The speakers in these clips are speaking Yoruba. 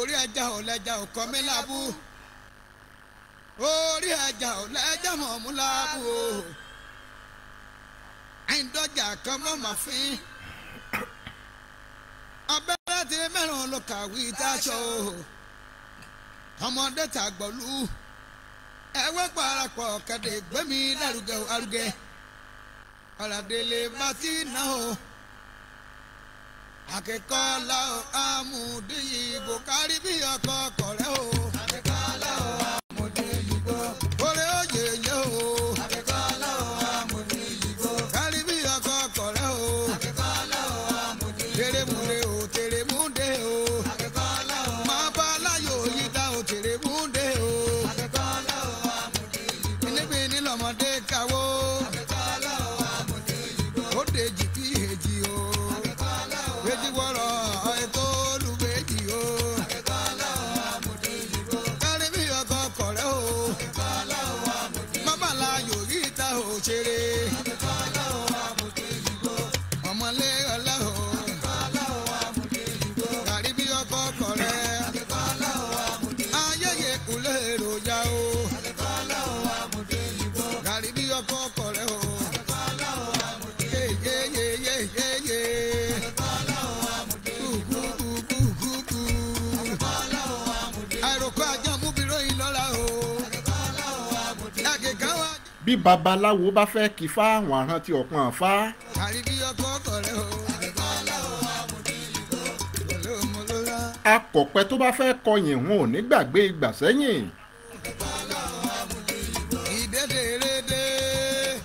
orí ẹja ò lẹ́jà ò kọ́ mi lábú orí ẹja ò lẹ́jà mọ̀ mú lábú o àìndọ́jà kan mọ̀ mà fín abẹ́rẹ́ ti mẹ́rin ló kàwé táṣọ o ọmọdé ta gbọ̀lú ẹ̀wẹ́ parapọ̀ kẹ̀dẹ̀ gbẹ́mí lárugẹ arugẹ ọ̀làdélé bá ti náà o. akẹ́kọ̀ọ́ làwọn amúdíyìí bò kárí bí ọkọ̀ ọkọ̀ rẹ̀ o. bí babaláwo bá fẹ́ kí fá àwọn aràn tí ọ̀pọ̀n fá. àríbí ọkọ ọkọ rẹ o àríbá aláwọ amúdílì kò pẹ̀lú ọmọlọ́lá. akọ̀pẹ tó bá fẹ́ kọyìn wọn ò ní gbàgbé ìgbà sẹ́yìn.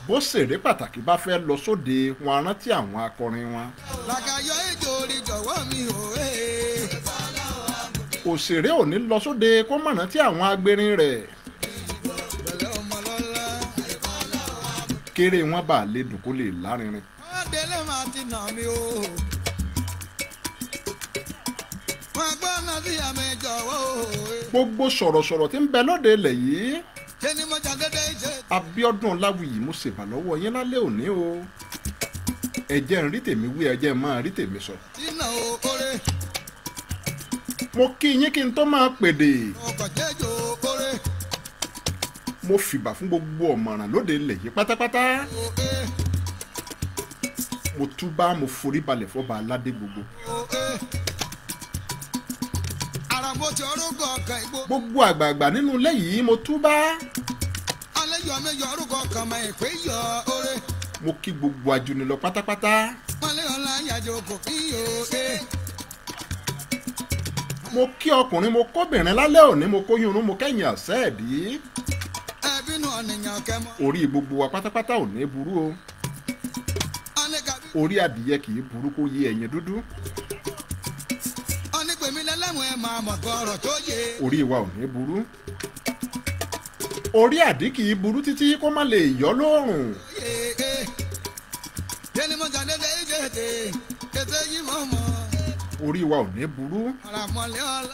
bó ṣèré pàtàkì bá fẹ́ lọ sóde wọn rántí àwọn akọrin wọn. làkàyọ e. ò ní lọ sóde kó mọ̀rántí àwọn agbérin rẹ̀. kéré wọn bá lè dùn kó lè lárinrin. wọ́n délé máa ti nà mí o. wọ́n gbọ́ náà sí àmì ìjọ̀wọ́ o. gbogbo sọ̀rọ̀sọ̀rọ̀ tí ń bẹ lóde ilẹ̀ yìí. ṣé ni mo jàgéde ṣe. Abíọ́dún Ọláwìyí mo ṣèbà lọ́wọ́ yín lálẹ́ òní o. ẹ̀jẹ̀ ń rí tèmi wí ẹ̀jẹ̀ máa rí tèmi sọ. iná o kórè. mo kí yín kí n tó máa pèdè. ọkọ̀ jẹ́jọ́ mo fìbà fún gbogbo ọ̀mọ̀ràn lóde ilẹ̀ yìí pátápátá mo túbá mo forí balẹ̀ fọba aládé gbogbo. gbogbo àgbààgbà nínú ilé yìí mo túbá. alẹ́ yọ mi yọ orúkọ kan mọ ìpè yọ mo kí gbogbo àjùnilọ pátápátá. mo kí ọkùnrin mo kóbìnrin lálẹ́ òní mo kóyún irun mo kẹ́yìn ọ̀sẹ́ ẹ̀dí orí gbogbo wa pátápátá ò ní burú o orí adìyẹ kì í burú kó yé ẹyin dúdú orí wa ò ní burú orí àdí kì í burú títí kó má lè yọ lóòrùn orí wa ò ní burú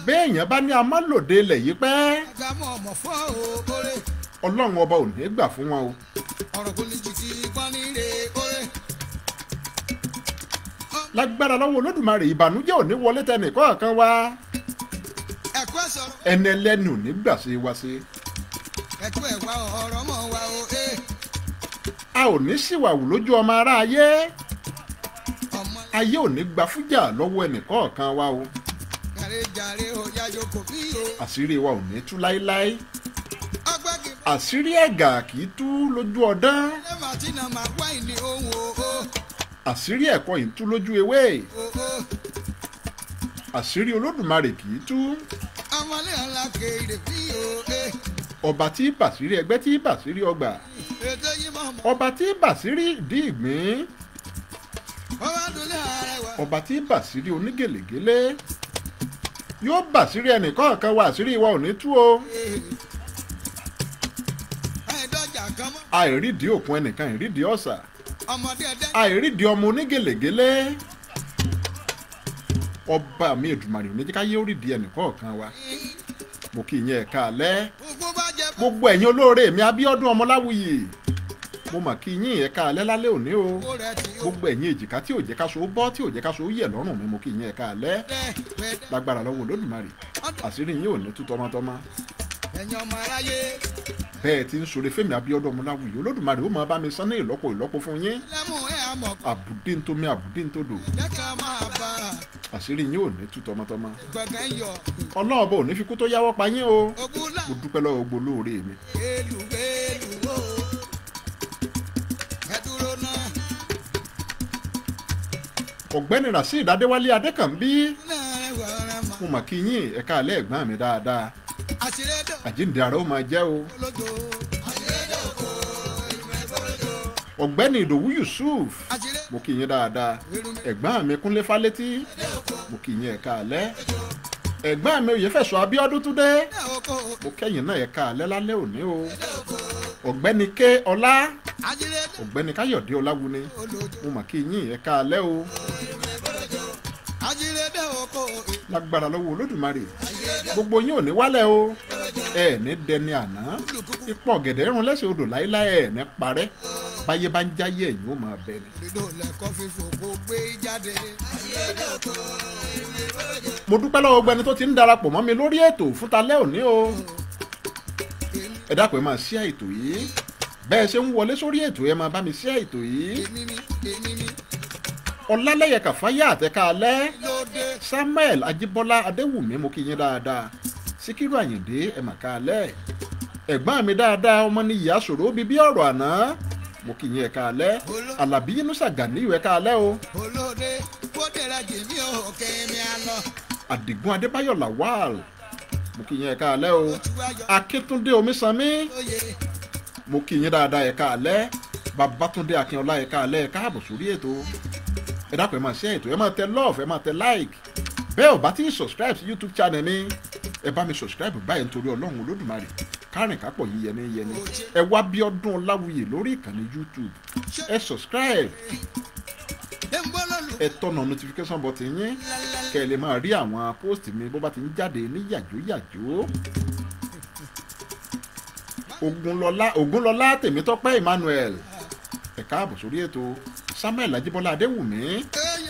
béèyàn bá ní a má lòde pẹ́ ọlọ́run ọba ò ní gbà fún wọn o. ọ̀rọ̀ kò ní jù sí fanire oore. lágbára lọ́wọ́ olódùmarè ìbànújẹ́ ò wọlé tẹnì kọ̀ọ̀kan wá. ẹni ẹlẹ́nu nígbà ṣe wá sí. E. a ò ní ṣìwàwù lójú ọmọ ará ayé. ayé ò ní gba fújà lọ́wọ́ ẹnì kọ̀ọ̀kan wá o. àṣírí wa ò ní tú láéláé àṣírí ẹ̀gà kì í tú lójú ọdán. àṣírí ẹ̀kọ́ yìí tú lójú ewé. àṣírí olódùmarè kì í tú. ọba tí bàṣírí ẹgbẹ́ tí bàṣírí ọgbà. ọba tí bàṣírí ìdí ìgbín. ọba tí bàṣírí onígèlègélé. yóò bàṣírí ẹnìkọ̀ọ̀kan wa àṣírí wa ò ní tú o. Eh. àìrídìí òkun ẹnìkan ịrịdị ọ̀sà àìrídìí ọmọ onígèlègélé ọba mi Èdùmàrè oníjẹ́káyé orídìí ẹnìkọ̀ọ̀kan wa mo kì í yẹn ẹ̀ka alẹ́ gbogbo ẹ̀yin olóore mi abiodun mo mà kí yín ẹ̀ka alẹ́ lálẹ́ òní o gbogbo ẹ̀yin èjìká tí ò jẹ́ ká so bọ́ tí ò jẹ́ ká so yẹ̀ lọ́rùn mi mo ẹ̀ka alẹ́ lágbára bẹ́ẹ̀ ti ń ṣòro fẹ́mi Abíọ́dún Ọmọláwùyí Olódùmarè ó máa bá mi san ní ìlọ́po ìlọ́po fún yín àbùdí ń tomi àbùdí ń todò àṣírí yín ò ní tú tọmọtọmọ ọlọ́ọ̀bọ ò ní fi kú tó yáwọ́ pa yín o mo dúpẹ́ lọ́wọ́ gbogbo olóore mi. ọ̀gbẹ́ni Rasheed Adéwálé Adékànbí mo mà kí yín ẹ̀ka alẹ́ ẹ̀gbọ́n mi dáadáa àjíǹde àrà ó máa jẹ́ o. ọ̀gbẹ́ni ìdòwú yusuf mo kì í yín dáadáa ẹ̀gbọ́n mi kúnlé fálétí mo kì í yín ẹ̀ka alẹ́ ẹ̀gbọ́n mi oyèfẹ̀sọ̀ abíọ́dún tún dé mo kẹ́yìn náà ẹ̀ka alẹ́ lálẹ́ òní o ọ̀gbẹ́ni ké ọlá ọ̀gbẹ́ni káyọ̀dé ọláwuni mo mà kí yín ẹ̀ka alẹ́ o lágbára lọ́wọ́ olódùmarè gbogbo yín ò ní wálẹ̀ o ẹ ní dẹni àná ipò ọ̀gẹ̀dẹ̀ rún lẹ́sẹ̀ odò láéláé ẹ ní parẹ́ báyé bá ń jáyé ẹ̀yìn ó máa bẹ mo dúpẹ́ lọ́wọ́ gbẹni tó ti ń darapọ̀ mọ́ mi lórí ètò fúntalẹ́ òní o ẹ dákun ẹ máa ṣí ètò yìí bẹ́ẹ̀ ṣe ń wọlé sórí ètò ẹ máa bá mi ṣí ètò yìí ọlálẹ́yẹ kàfáyà àtẹ́ká alẹ́ samuel ajíbọ́lá adéwùmí mo kí yín dáadáa síkírù àyìndé ẹ mà ká alẹ́ ẹ̀gbọ́n mi dáadáa ọmọ ní ìyá sòrò bíbí ọ̀rọ̀ àná mo kí yín ẹ ká alẹ́ alábí yínúṣà gàníyù ẹ ká alẹ́ o. olóde kó àdìgún adébáyọ̀ lawal mo kí yín ẹ ká alẹ́ o akíntúndé omisanmi mo kí yín dáadáa ẹ ká alẹ́ babatunde akínọlá ẹ ká alẹ́ ẹ sórí ètò ẹ dákun ẹ máa share ètò ẹ máa tẹ love ẹ máa tẹ like bẹ́ẹ̀ ò bá ti ń subscribe sí YouTube channel mi ẹ bá mi subscribe báyìí nítorí ọlọ́run olódùmarè kárìn kápọ̀ yìí yẹni yẹni ẹ wá Bíọ́dún Ọláwuyì lórí ìkànnì YouTube ẹ subscribe ẹ tọ̀nà notification button yín kẹ́ ẹ lè máa rí àwọn post mi bó bá ti ń jáde ní yàjóyàjó Ògúnlọlá Ògúnlọlá Tèmítọ́pẹ́ Emmanuel ẹ káàbọ̀ sórí ètò samuel ajíbọ́lá adéwùmí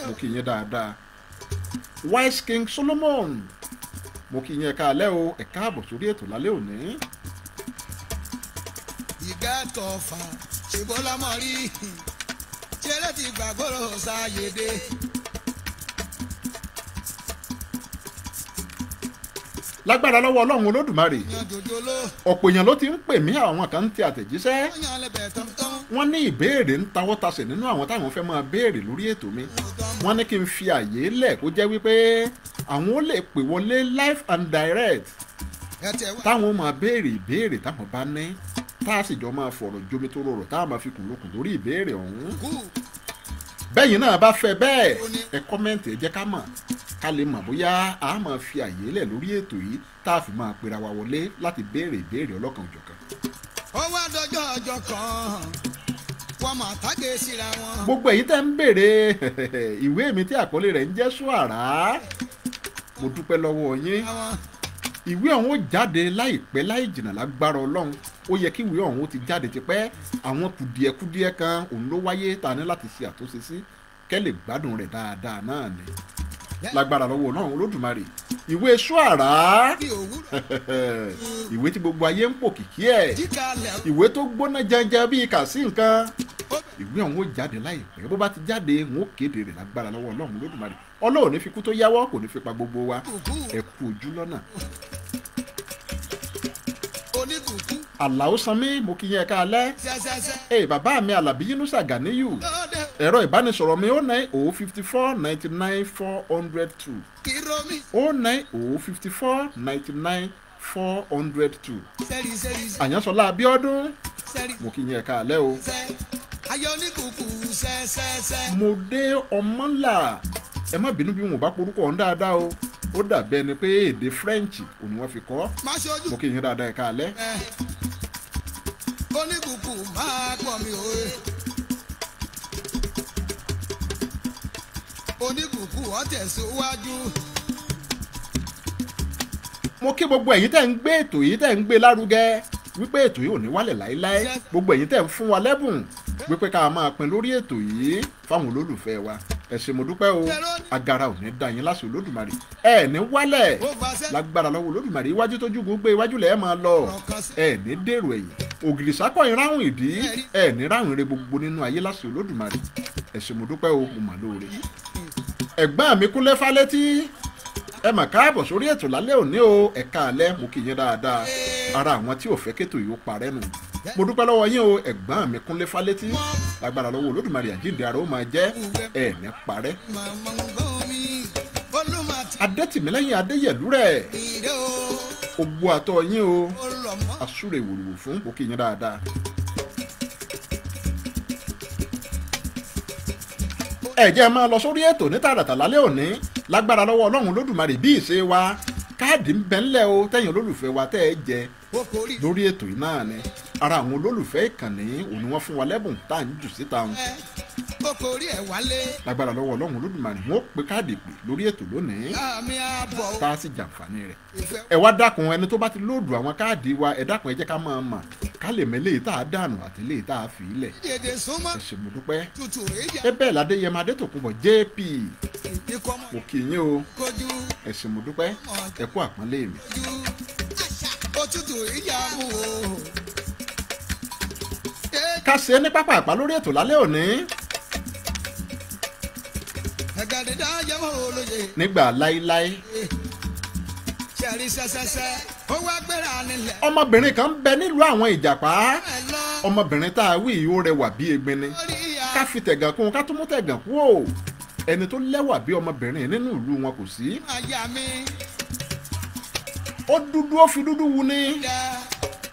mo kì í yẹn dáadáa wise king solomon mo kì í yẹn ẹ̀ka alẹ́ o ẹ̀ka àbọ̀ sórí ètò lálẹ́ òní. ìgá kọfà ṣùgbọ́n lámọ̀ rí ṣẹlẹ̀ ti gbàgbọ́rọ̀ ṣàyèdè. lágbára lọ́wọ́ ọlọ́run olódùmarè ọ̀pọ̀ èèyàn ló ti ń pè mí àwọn kan ti àtẹ̀jíṣẹ́ wọ́n ní ìbéèrè ń tawọ́ tasẹ̀ nínú àwọn táwọn fẹ́ máa béèrè lórí ètò mi wọ́n ní kí n fi àyè lẹ̀ kó jẹ́ wípé àwọn ó lè pè wọlé live and direct táwọn máa béèrè ìbéèrè táwọn bá ní tá a sì jọ máa fọ̀rọ̀ jomi tó rọrọ̀ tá a máa fi kùnlùkùn lórí ìbéèrè ọ̀hún bẹ́yìn náà bá fẹ́ bẹ́ẹ̀ ẹ kọ́mẹ́ǹtì ẹ jẹ́ ká mọ̀ ká lè mọ̀ bóyá a máa fi àyè lẹ̀ lórí ètò yìí tá a fi máa pera wa wọlé láti béèrè ìbéèrè ọlọ́kan òjọ̀kan. ó wá dọjọ́ ọjọ́ kan wọ́n máa tàgé síra wọn. gbogbo èyí tẹ́ ń béèrè ìwé mi tí àkọlé rẹ̀ ń jẹ́ ṣùàrà mo dúpẹ́ lọ́wọ́ yín ìwé ọ̀hún ó jáde láìpẹ́ láì jìnnà lágbára ọlọ́run ó yẹ kí ìwé ọ̀hún ti jáde tipẹ́ àwọn kùdìẹ̀kùdìẹ̀ kan òun ló wáyé ta ní láti ṣe àtúnṣe sí kẹ́ lè gbádùn rẹ̀ dáadáa náà ni lágbára lọ́wọ́ ọlọ́run olódùmarè ìwé ṣọ́ara ìwé tí gbogbo ayé ń pò kìkì ẹ̀ ìwé tó gbóná janjan bíi kà sí nǹkan ìwé ọ̀hún ó jáde láìpẹ́ bó bá ti jáde ń ó kéde rẹ̀ lágbára lọ́wọ́ ọlọ́run lódùmarè ọlọ́run ní fi kú tó yáwọ́ kò ní fi pa gbogbo wa ẹ ojú lọ́nà àlàó sanmi mo kí yẹn ká alẹ́ ẹ bàbá mi alábí yínúṣà gàníyù ẹ̀rọ ìbánisọ̀rọ̀ mi ó oh nine oh fifty four ninety nine four hundred oh two ó oh nine oh fifty four ninety nine four hundred two àyànsọ́lá abíọ́dún mo kí yẹn ká alẹ́ o mo dé ọmọlà ẹ má bínú bí wọn ò bá porúkọ ọ̀hún dáadáa o ó dàbí ẹni pé èdè French òní wọ́n fi kọ́ mo kí yín dáadáa ẹ̀ka alẹ́. oníkùkù máa pọ̀ mi òye. oníkùkù ọ̀tẹ̀síwájú. mo kí gbogbo ẹ̀yin tẹ́ ń gbé ètò yìí tẹ́ ń gbé lárugẹ wípé ètò yìí ò ní wálẹ̀ láéláé gbogbo ẹ̀yin tẹ́ ń fún wa lẹ́bùn wípé ká máa pín lórí ètò yìí fáwọn olólùfẹ́ wa ẹ̀sìn mo dúpẹ́ o agara ò ní da yín lásìkò olódùmarè ẹ ní wálẹ̀ lágbára lọ́wọ́ olódùmarè iwájú tójú kò gbé iwájú lẹ́ẹ̀ máa lọ ẹ ní dèrò ẹ̀yìn ògìrì sákọ̀ ìráhùn ìdí ẹ ní ráhùn ire gbogbo nínú ayé lásìkò olódùmarè ẹ̀sìn mo dúpẹ́ o mo mà lóore ẹ̀gbọ́n mi kúnlẹ̀ fálétí ẹ mà káàbọ̀ sórí ètò lálẹ́ òní o ẹ̀ka alẹ́ mo kì í yín dáadáa ara àwọn tí ò fẹ́ kétò yìí ó parẹ́ nù mo dúpẹ́ lọ́wọ́ yín o ẹ̀gbọ́n mi kúnlé fálétí lágbára lọ́wọ́ olódùmarè àjíǹde ara ó máa jẹ́ ẹ̀ẹ̀mí parẹ́. adẹ́tìmílẹ́yìn adéyẹ̀lú rẹ̀ ogbó àtọ̀ yín o àsúre wòlùwò fún mo kì í yín dáadáa. ẹ máa lọ sórí ètò ní tààràtà lálẹ́ òní lágbára lọ́wọ́ ọlọ́run lódùmarè bí ìṣe wa káàdì ń bẹ ńlẹ̀ o tẹ̀yìn olólùfẹ́ wa tẹ́ ẹ jẹ lórí ètò yìí náà ni ara àwọn olólùfẹ́ ìkànnì òní wọn fún wa lẹ́bùn tá à ń jù síta kó korí ẹ̀ wálé. lágbára lọ́wọ́ ọlọ́run olódùmarè wọn ó pe káàdì pè lórí ètò lónìí. àmì àbọ̀ tá a sì jàǹfààní rẹ̀. ẹ wá dákun ẹni tó bá ti lóòdù àwọn káàdì wa ẹ dákun ẹ jẹ́ ká máa mà ká lè mẹ́lẹ̀ tá a dànù àti lè tá a fi ilẹ̀. dèdè súnmọ́ ẹ ṣe dúpẹ́. tutù rẹ jẹ. ẹ bẹ́ẹ̀ ládé yẹmọ adétòkunbọ̀ jp. mo kì í yín o. ẹ ṣe mo dúpẹ́. ẹ kú ká ṣe é ní pápá àpá lórí ètò lálẹ́ òní nígbà láíláí. ọmọbìnrin kan ń bẹ nílùú àwọn ìjàpá ọmọbìnrin tá a wí yìí ó rẹwà bí egbin ni ká fi tẹ̀gàn kún ká tún mú tẹ̀gàn kú o ẹni tó lẹ́wà bí ọmọbìnrin nínú ìlú wọn kò sí. ó dúdú ó fi dúdú wu ni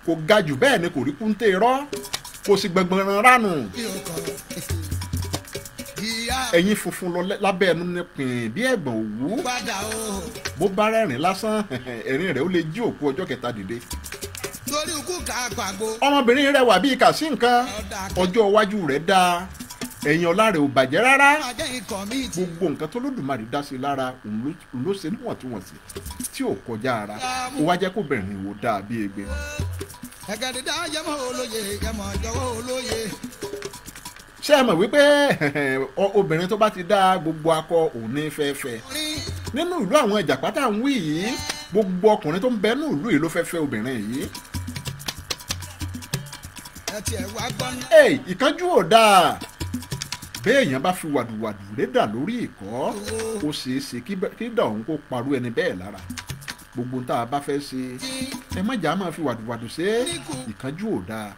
kò ga jù bẹ́ẹ̀ ni kò rí kúńté irọ́ kò sì gbẹ̀gbẹ̀rán ránù ẹ̀yin funfun lọ lábẹ́ ẹnu ní pìn bí ẹ̀gbọ̀n òwú bó bá rẹ́rìn lásán ẹ̀rín rẹ̀ ó lè jí òkú ọjọ́ kẹta dìde. torí ikú kà á pàgbo. ọmọbìnrin rẹwà bíi kàsí nǹkan ọjọ́ iwájú rẹ̀ dáa ẹ̀yìn ọ̀la rẹ̀ ò bàjẹ́ rárá gbogbo nǹkan tó lódùmarè dá sí lára ló ṣe níwọ̀ntúnwọ̀nsì tí ò kọjá ara ó wá jẹ́ kó bẹ̀rẹ̀ ní wò dáa bí egbe. ẹ̀gẹ̀dẹ̀ yẹmọ olóye yẹmọ jọ̀wọ́ olóye ṣé ẹ mọ̀ wípé obìnrin tó bá ti dá gbogbo akọ òun ní fẹ́fẹ́ nínú ìlú àwọn ìjàpá tá à ń wí yìí gbogbo ọkùnrin tó ń bẹ nínú ìlú yìí ló fẹ́fẹ́ obìnrin yìí. ee ìkánjú ò dáa béèyàn bá fi wàdùwàdù rédà lórí ìkọ́ ó ṣeé ṣe kí dà òun kó parú ẹni bẹ́ẹ̀ lára gbogbo tá a bá fẹ́ ṣe ẹ má máa fi wàdùwàdù ṣe ìkánjú ò dáa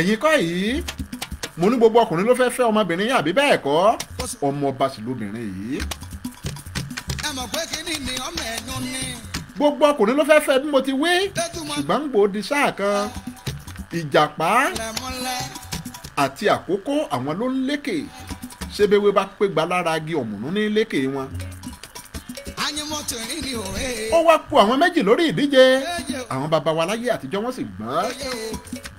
ẹ̀yin kọ́ yìí mo ní gbogbo ọkùnrin ló fẹ́ẹ́ fẹ́ ọmọbìnrin yín àbí bẹ́ẹ̀ kọ́ ọmọ ọba sì lóbìnrin yìí. ẹ gbogbo ọkùnrin ló fẹ́ẹ́ fẹ́ bí mo ti wí ṣùgbọ́n ń gbòó di sáà kan ìjàpá àti àkókò àwọn ló ń lékè ṣébéwé bá pé gbalára agi ọ̀mùnú ní lékè wọn ó wá kó àwọn méjì lórí ìdíje àwọn baba wa láyé àtijọ́ wọ́n sì gbọ́n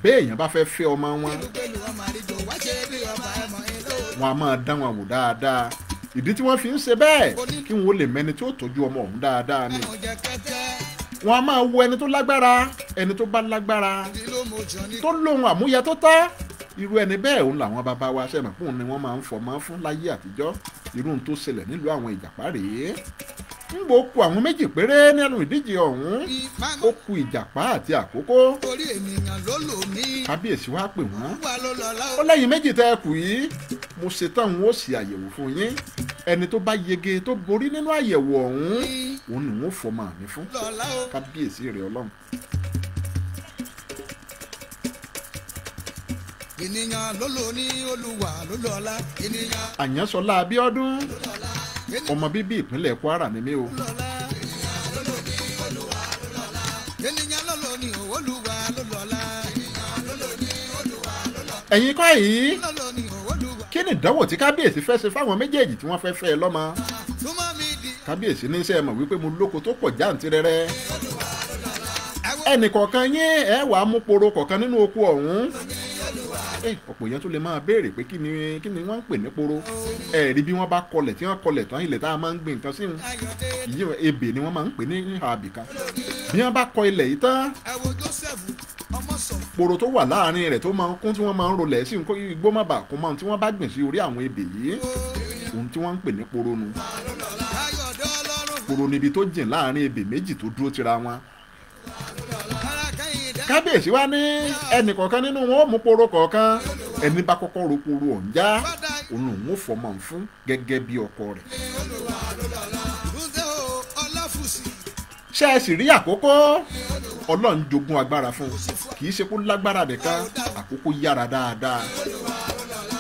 béèyàn bá fẹ́ fẹ́ ọmọ wọn wọn a máa dán wọn wò dáadáa ìdí tí wọ́n fi ń ṣe bẹ́ẹ̀ kí wọn lè mẹni tí ó tọ́jú ọmọ ọ̀hún dáadáa ni wọn a máa wo ẹni tó lágbára ẹni tó bá lágbára tó lóhun àmúyẹ tó tá irú ẹni bẹ́ẹ̀ òun làwọn bàbá wa ṣẹ̀mọ̀ ni wọ́n máa ń fọmọ́ fún láyé àtijọ́ irú ohun tó ṣẹlẹ̀ nílùú àwọn ìjàpá rèé nbọ ku àwọn méjì péré nínú ìdíje ọ̀hún ó ku ìjàpá àti àkókó kábíyèsí wa pè wọ́n ó lẹ́yìn méjì tẹ́ ẹ kù yìí mo ṣetán òun ó sì àyẹ̀wò fún yín ẹni tó bá yege tó borí nínú àyẹ̀wò ọ̀hún òun ni wọ́n fọmọ mi fún kábíyèsí rẹ̀ ọlọ́run. ènìyàn ló lò ní olúwa ló lọ́la ènìyàn. àyànṣọlá abíọ́dún. lọ́la ọmọ bíbí ìpínlẹ̀ Kwara ni mí o. ẹ̀yin kọ́ yìí kí ni ìdánwò tí kábíyèsí fẹ́ ṣe fáwọn méjèèjì tí wọ́n fẹ́ fẹ́ ẹ lọ́mọ kábíyèsí ní sẹ́ mọ̀ wípé mo lóko tó pọ̀ jáǹtirẹrẹ ẹnì kọ̀ọ̀kan yín ẹ wàá mú poro kọ̀ọ̀kan nínú oko ọ̀hún ọ̀pọ̀ èèyàn tún lè máa béèrè pé kí ni kí ni wọ́n ń pè ní poro ẹ̀rí bí wọ́n bá kọlẹ̀ tí wọ́n kọlẹ̀ tán ilẹ̀ tá a máa ń gbìn tán sí wọn ìyí ebè ni wọ́n máa ń pè ní àbìkan bí wọ́n bá kọ ilẹ̀ yìí tán poro tó wà láàrin rẹ̀ tó máa kún tí wọ́n máa ń rolẹ̀ sí nǹkan igbó má bàa kún mọ́ tí wọ́n bá gbìn sí orí àwọn ebè yìí ohun tí wọ́n ń pè ní poro nu poro níbi tó jìn láàrin ebè méjì tó dúró tira wọn kábíyèsí wa ní ẹnì kọ̀ọ̀kan nínú wọn ó mú poro kọ̀ọ̀kan ẹni bá kọ́kọ́ ro poro ọ̀njá òun òun ó fọmọ fún gẹ́gẹ́ bí ọkọ rẹ̀. ṣé ẹ sì rí àkókò ọlọ́run jogún agbára fún un kì í ṣe kó lágbára nìkan àkókò yára dáadáa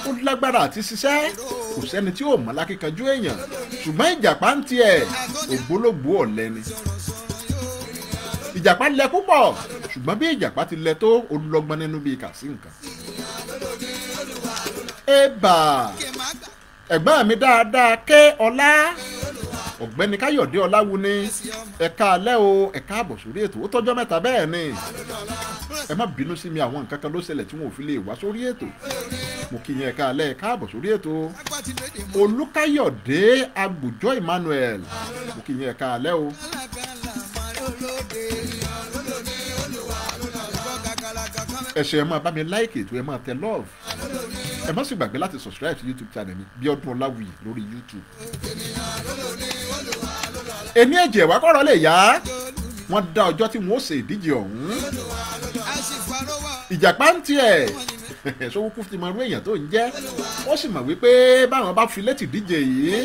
ó lágbára àti ṣiṣẹ́ kò sẹ́ni tí ò mọ̀ lákíkanjú èèyàn ṣùgbọ́n ìjàpá ń tiẹ̀ ògbólógbòó ọ̀lẹ ìjàpá lẹ púpọ̀ ṣùgbọ́n bí ìjàpá ti lẹ tó olùlọ́gbọ́n nínú bíi kà sí nǹkan. ẹ̀bà ẹ̀gbọ́n mi dáadáa ké ọlá ọ̀gbẹ́ni káyọ̀dé ọláwu ni ẹ̀ka alẹ́ o ẹ̀ka àbọ̀ sórí ètò ó tọ́jọ́ mẹ́ta bẹ́ẹ̀ ni ẹ má bínú sí mi àwọn nǹkan kan ló ṣẹlẹ̀ tí wọn ò fi lè wá sórí ètò mo kì í yẹn ẹ̀ka alẹ́ ẹ̀ka àbọ̀ sórí ètò olùkáyọ̀dé agbùjọ́ emmanuel mo kì í yẹn ẹ̀ka alẹ́ o ẹ ṣé ẹ máa bá mi like it ẹ máa tẹ love ẹ má sì gbàgbé láti subscribe sí youtube channel mi Bíọ́dún Ọláwuyì lórí youtube. èmi ẹ̀jẹ̀ wá kọ́rọ̀ lè yá wọ́n dá ọjọ́ tí wọ́n ó ṣe ìdíje ọ̀hún. ìjàpá ń tiẹ̀ sowókú ti mọ irú èèyàn tó ń jẹ́ ó sì mọ̀ wípé báwọn bá fi létí díje yìí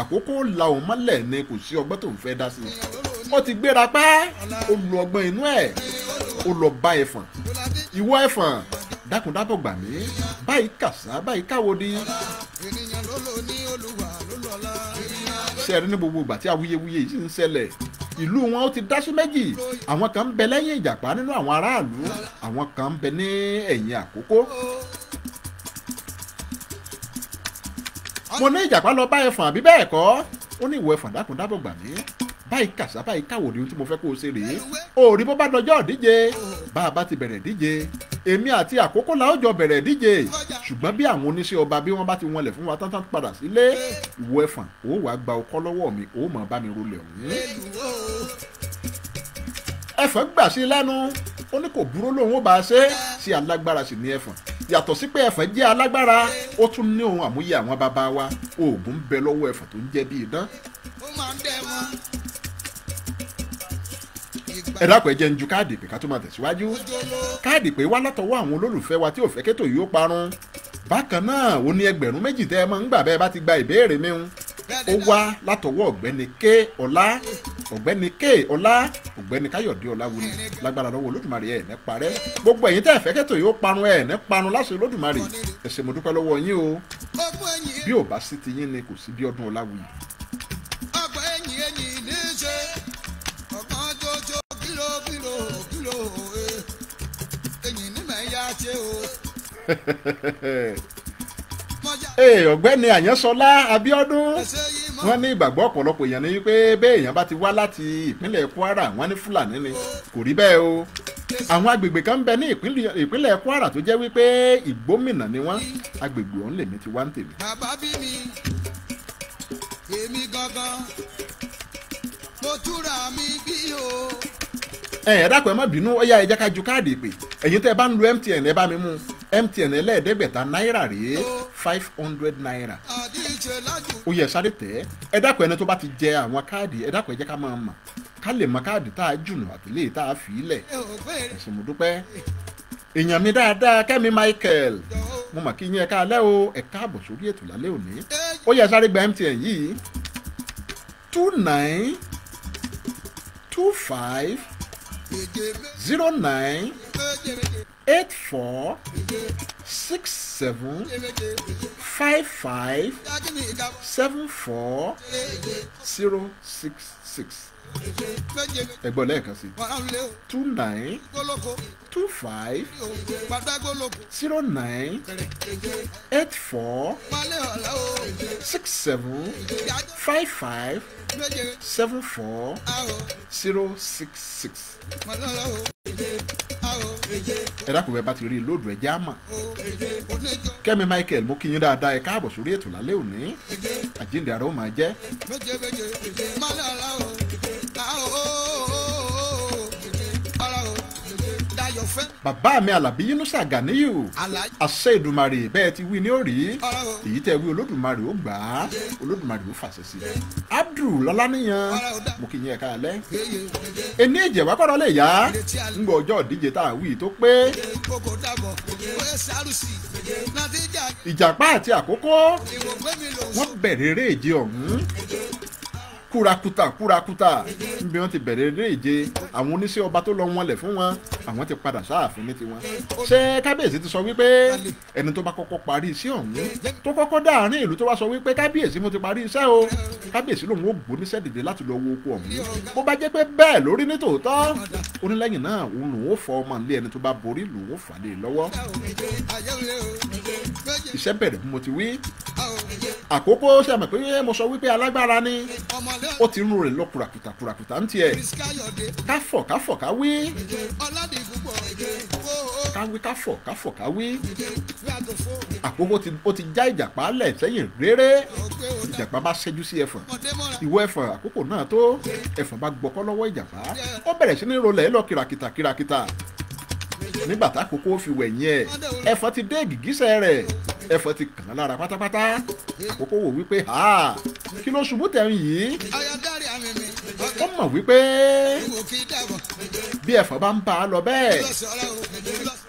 àkókò la òun mọ́lẹ̀ ni kò sí ọgbọ́n tó ń fẹ́ dá sí i wọ́n ti gbéra pẹ́ olùọgbọ́n inú ẹ̀ olùọba ẹ̀fọ̀n ìwọ ẹ̀fọ̀n dákúndábọ̀ gbà mí báyìí kàṣá báyìí káwo ni. sẹ́ẹ̀rí ní gbogbo ìgbà tí awuyewuye yìí ń ṣẹlẹ̀ ìlú wọn ó ti dá sí méjì àwọn kan ń bẹ lẹ́yìn ìjàpá nínú àwọn aráàlú àwọn kan ń bẹ ní ẹ̀yìn àkókò. mo ní ìjàpá lọ bá ẹ̀fọ̀n àbí bẹ́ẹ̀ kọ́ ó ní ìwọ ẹ̀fọ̀n dákúndábọ̀ gbà mí báyìí kàṣà báyìí káwò ní ohun tí mo fẹ́ kó o ṣe rèé òòrí bó bá dọjọ́ ìdíje bá a bá ti bẹ̀rẹ̀ ìdíje èmi àti àkókò la ó jọ bẹ̀rẹ̀ ìdíje ṣùgbọ́n bí àwọn oníṣẹ́ ọba bí wọ́n bá ti wọlé fún wa tán tán padà sílé ìwọ ẹ̀fọ̀n ó wàá gba ọkọ́ lọ́wọ́ mi ó mọ̀ bá mi rolẹ̀ ọ̀hún. ẹ̀fọ̀n gbà sí lẹ́nu ó ní kò burú lòun ó bá a ṣe ṣe alágbára sì ní ẹ̀fọ̀n yàtọ̀ sí pé ẹ̀fọ̀n jẹ́ alágbára ó tún ní ohun àmúyẹ àwọn bàbá wa oògùn ń bẹ lọ́wọ́ ẹ̀fọ̀n tó ń jẹ́ bí idán. ó máa ń dẹ̀ wọn ẹ dákun ẹ jẹ́ ń ju káàdì pé ká tó máa tẹ̀síwájú káàdì pé wá látọwọ́ àwọn olólùfẹ́ wa tí ò fẹ́ kétò yìí ó parun bákan náà ó ní ẹgbẹ̀rún méjì tẹ́ ẹ máa ń gbà bẹ́ẹ̀ bá ti gba ìbéèrè mi ń ó wá látọwọ́ ọ̀gbẹ́ni k ọlá ọ̀gbẹ́ni k ọlá ọ̀gbẹ́ni káyọ̀dé ọláwúni lágbára lọ́wọ́ olódùmarè ẹ̀ ní parẹ́ gbogbo ẹ̀yin tẹ́ ẹ kẹ́tò yóò parun ẹ̀ ní parun láṣẹ olódùmarè ẹ ṣé lọ́wọ́ yín o bí ò bá sí ti yín ni kò sí bí ọdún ọláwúni ee ọ̀gbẹ́ni àyànṣọlá abíọ́dún wọ́n ní ìgbàgbọ́ ọ̀pọ̀lọpọ̀ èèyàn ni wípé béèyàn bá ti wá láti ìpínlẹ̀ kwara wọ́n ní fúlàní ni kò rí bẹ́ẹ̀ o àwọn agbègbè kan ń bẹ ní ìpínlẹ̀ kwara tó jẹ́ wípé ìgbómìnà ni agbègbè lèmi ti wá ń tèmi. bàbá bí mi èmi gangan mo túra mi ẹ dákun ẹ má bínú ó yá ká ju káàdì ìpè ẹ̀yin tẹ́ ẹ bá ń lo MTN ẹ bá mi mú MTN ẹlẹ́ẹ̀ẹ́dẹ́gbẹ̀ta náírà rèé five hundred naira ó yẹ sáré tẹ́ ẹ dákun ẹni tó bá ti jẹ àwọn káàdì ẹ dákun ẹ jẹ́ ká máa mọ̀ ká lè mọ káàdì tá a jùnà àtìlẹ́yìn tá a fi lẹ̀ ẹ̀sùn mo dúpẹ́ èèyàn mi dáadáa kẹ́mi Michael mo mà kí yín ẹ káalẹ́ o ẹ káàbọ̀ sórí ètò lálẹ́ òní ó yẹ sáré gba MTN yìí two nine two five zero nine eight four six seven five five seven four zero six six ẹgbọ́n lẹ́ẹ̀kan sí two nine two five zero nine eight four six seven five five seven four zero six six. ẹ dákun bẹ́ẹ̀ bá ti rí i lóòdù ẹ̀jẹ̀ àmà kẹ́mi michael mú kí yín dáadáa ẹ káàbọ̀ sórí ètò lálẹ́ òní àjíǹde àrò máa jẹ́. bàbá mi alábí yínúṣà àgàníyù àṣẹ ìdùmarè bẹ́ẹ̀ ti wí ní òrí èyí tẹ́ wí olódùmarè ó gbà á olódùmarè ó fàṣẹ sí i. abdul lọ́lánìyàn mo kì í yẹn ká alẹ́ ẹni ìjẹ̀ wá kọ́ra lè yá ńgbọ́ ọjọ́ ìdíje tá a wí tó pé. ìjàpá àti àkókò wọ́n bẹ̀rẹ̀ eré ìje ọ̀hún kúrakuta kúrakuta níbi wọn ti bẹ̀rẹ̀ eré ìje àwọn oníṣẹ́ ọba tó lọ wọnlẹ̀ fún wọn àwọn ti padà sáàfin ní tiwọn. ṣé kábíyèsí ti sọ wípé ẹni tó bá kọ́kọ́ parí iṣẹ́ ọ̀hún tó kọ́kọ́ dá àárín ìlú tó wá sọ wípé kábíyèsí mo ti parí iṣẹ́ o kábíyèsí lòun ó gbóníṣẹ́ dìde láti lọ wo oko ọ̀hún bó bá jẹ́ pé bẹ́ẹ̀ lórí ní tòótọ́ onílẹ́yìn náà òun lòun ó fọ ọmọ ilé ẹni tó bá borí lòun ó fà lé e lọ́wọ́ iṣẹ́ bẹ̀rẹ̀ bí mo ti wí àkókò ṣàmì pé mo sọ wípé alágbára ni ó ti rún rẹ̀ lọ kùràkùtà kùràkùtà ń tiẹ̀ káfọ̀ káfọ̀ ká káwí káfọ̀ káfọ̀ ká àkókò ó ti já ìjàpá lẹ̀ sẹ́yìn réré ìjàpá bá ṣẹ́jú sí ẹ̀fọ̀n ìwọ ẹ̀fọ̀n àkókò náà tó ẹ̀fọ̀n bá gbọ́kọ́ lọ́wọ́ ìjàpá ó bẹ̀rẹ̀ sí ní rolẹ̀ lọ kìràkìtà kìràkìtà nígbà tákòókò fi wẹ̀yìn ẹ̀ ẹ̀fọn ti dé gìgísẹ̀ rẹ̀ ẹ̀fọn ti kàn lára pátápátá àkókò wò wípé ha kí ló ṣubú tẹ̀ ń yìí ó mọ̀ wípé bí ẹ̀fọn bá ń bá a lọ bẹ́ẹ̀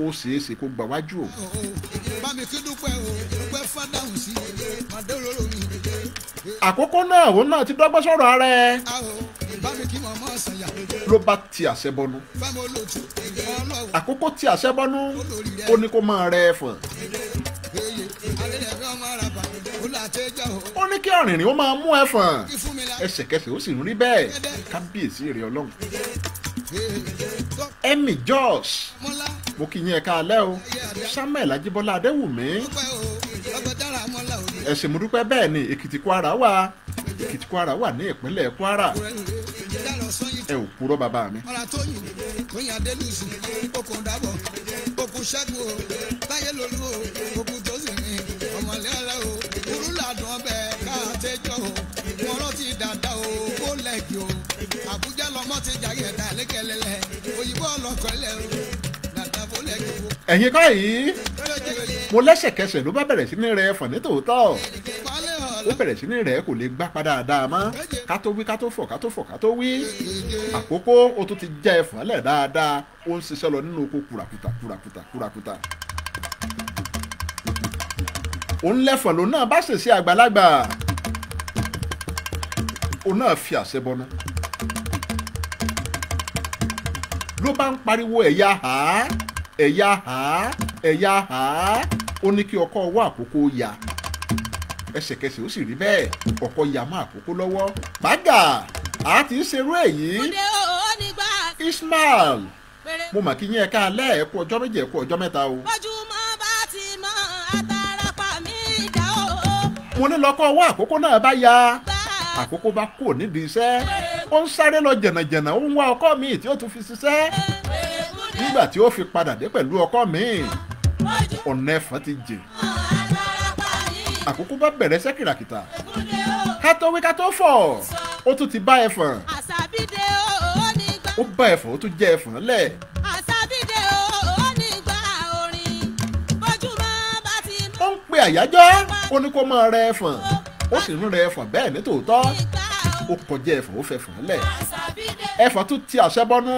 ó ṣeé ṣe kó gbà wájú o. àkókò náà òun náà ti dọ́gbọ́n sọ̀rọ̀ ara ẹ̀ ló bá ti àṣẹ bọnú àkókò tí àṣẹ bọnú ó ní kó máa rẹ ẹfọ̀n ó ní kí ọ̀rìnrìn ó máa mú ẹfọ̀n ẹsẹ̀kẹsẹ̀ ó sì ń rí bẹ́ẹ̀ kábíyèsí rẹ̀ ọlọ́run Emmy George mo kí yín ẹ̀ka alẹ́ o Samuel Ajíbọ́lá Adéwùmí ẹ̀sìn mo dúpẹ́ bẹ́ẹ̀ ni Èkìtì Kwara wà Èkìtì Kwara wà ní ìpínlẹ̀ Kwara ẹ ò kúrò bàbá mi. ọ̀rà tó yìn tóyìn adélùsì okùn dábọ̀ okùn ṣẹ́gun o báyé lolú o okùn tó sì rìn ọmọlẹ́ ọ̀rẹ́ o burú làdùn ọbẹ̀ káàtẹ́jọ́ o wọn rántí dáadáa o ó lẹ́gì o àbújá lọmọ ti jàgé ẹ̀dá lẹ́kẹ̀lẹ́lẹ̀ òyìnbó ọlọ́kọ̀ọ́lẹ̀ o dàdà bó lẹ́gì o. ẹ̀yin kọ́ yìí mo lẹ́sẹ̀kẹsẹ̀ ló bá bẹ̀rẹ̀ sí ní rẹ ẹ̀fọ̀n nítòótọ́ ó bẹ̀rẹ̀ sí ní rẹ̀ kò lè gbá padà dáa mọ́ ká tó wí ká tó fọ̀ ká tó fọ̀ ká tó wí àkókò ó tún ti já ẹ̀fọn lẹ̀ dáadáa ó ń ṣiṣẹ́ lọ nínú oko kùràkùtà kùràkùtà kùràkùtà òun lẹ́fọ̀n lòun náà bá ṣèṣe àgbàlagbà òun náà fi àṣẹ bọnú ló bá ń pariwo ẹ̀yà ha ẹ̀yà ha ẹ̀yà ha ó ní kí ọkọ ọwọ́ àkókò yá ẹsẹ̀kẹsẹ̀ ó sì rí bẹ́ẹ̀ ọkọ ya mọ́ àkókò lọ́wọ́ gbàgà a ti ń ṣerú èyí Ismail mo mà kí yín ẹ káalẹ́ ẹ kú ọjọ́ méje ẹ kú ọjọ́ mẹ́ta o. ti mọ àtàràpà mi dá o. mo ní lọ́kọ́ ọwọ́ àkókò náà bá ya àkókò bá kú nídìí iṣẹ́ ó ń sáré lọ jẹ̀nàjẹ̀nà ó ń wá ọkọ mi tí ó tún fi ṣiṣẹ́ nígbà tí ó fi padà dé pẹ̀lú ọkọ mi ọ̀nà ẹ̀fọn ti jìn àkókò bá bẹ̀rẹ̀ iṣẹ́ kìràkìtà ká tó wí ká tó fọ̀ ó tún ti bá ẹfọ̀n ó bá ẹfọ̀n ó tún jẹ́ ẹfọ̀n lẹ̀. ó ń pe àyájọ́ ó ní kó máa rẹ ẹfọ̀n ó sì ń rẹ ẹfọ̀n bẹ́ẹ̀ ní tòótọ́ ó kọjá ẹfọ̀n ó fẹfọ̀n lẹ̀ ẹfọ̀n tún ti àṣẹ bọ́nú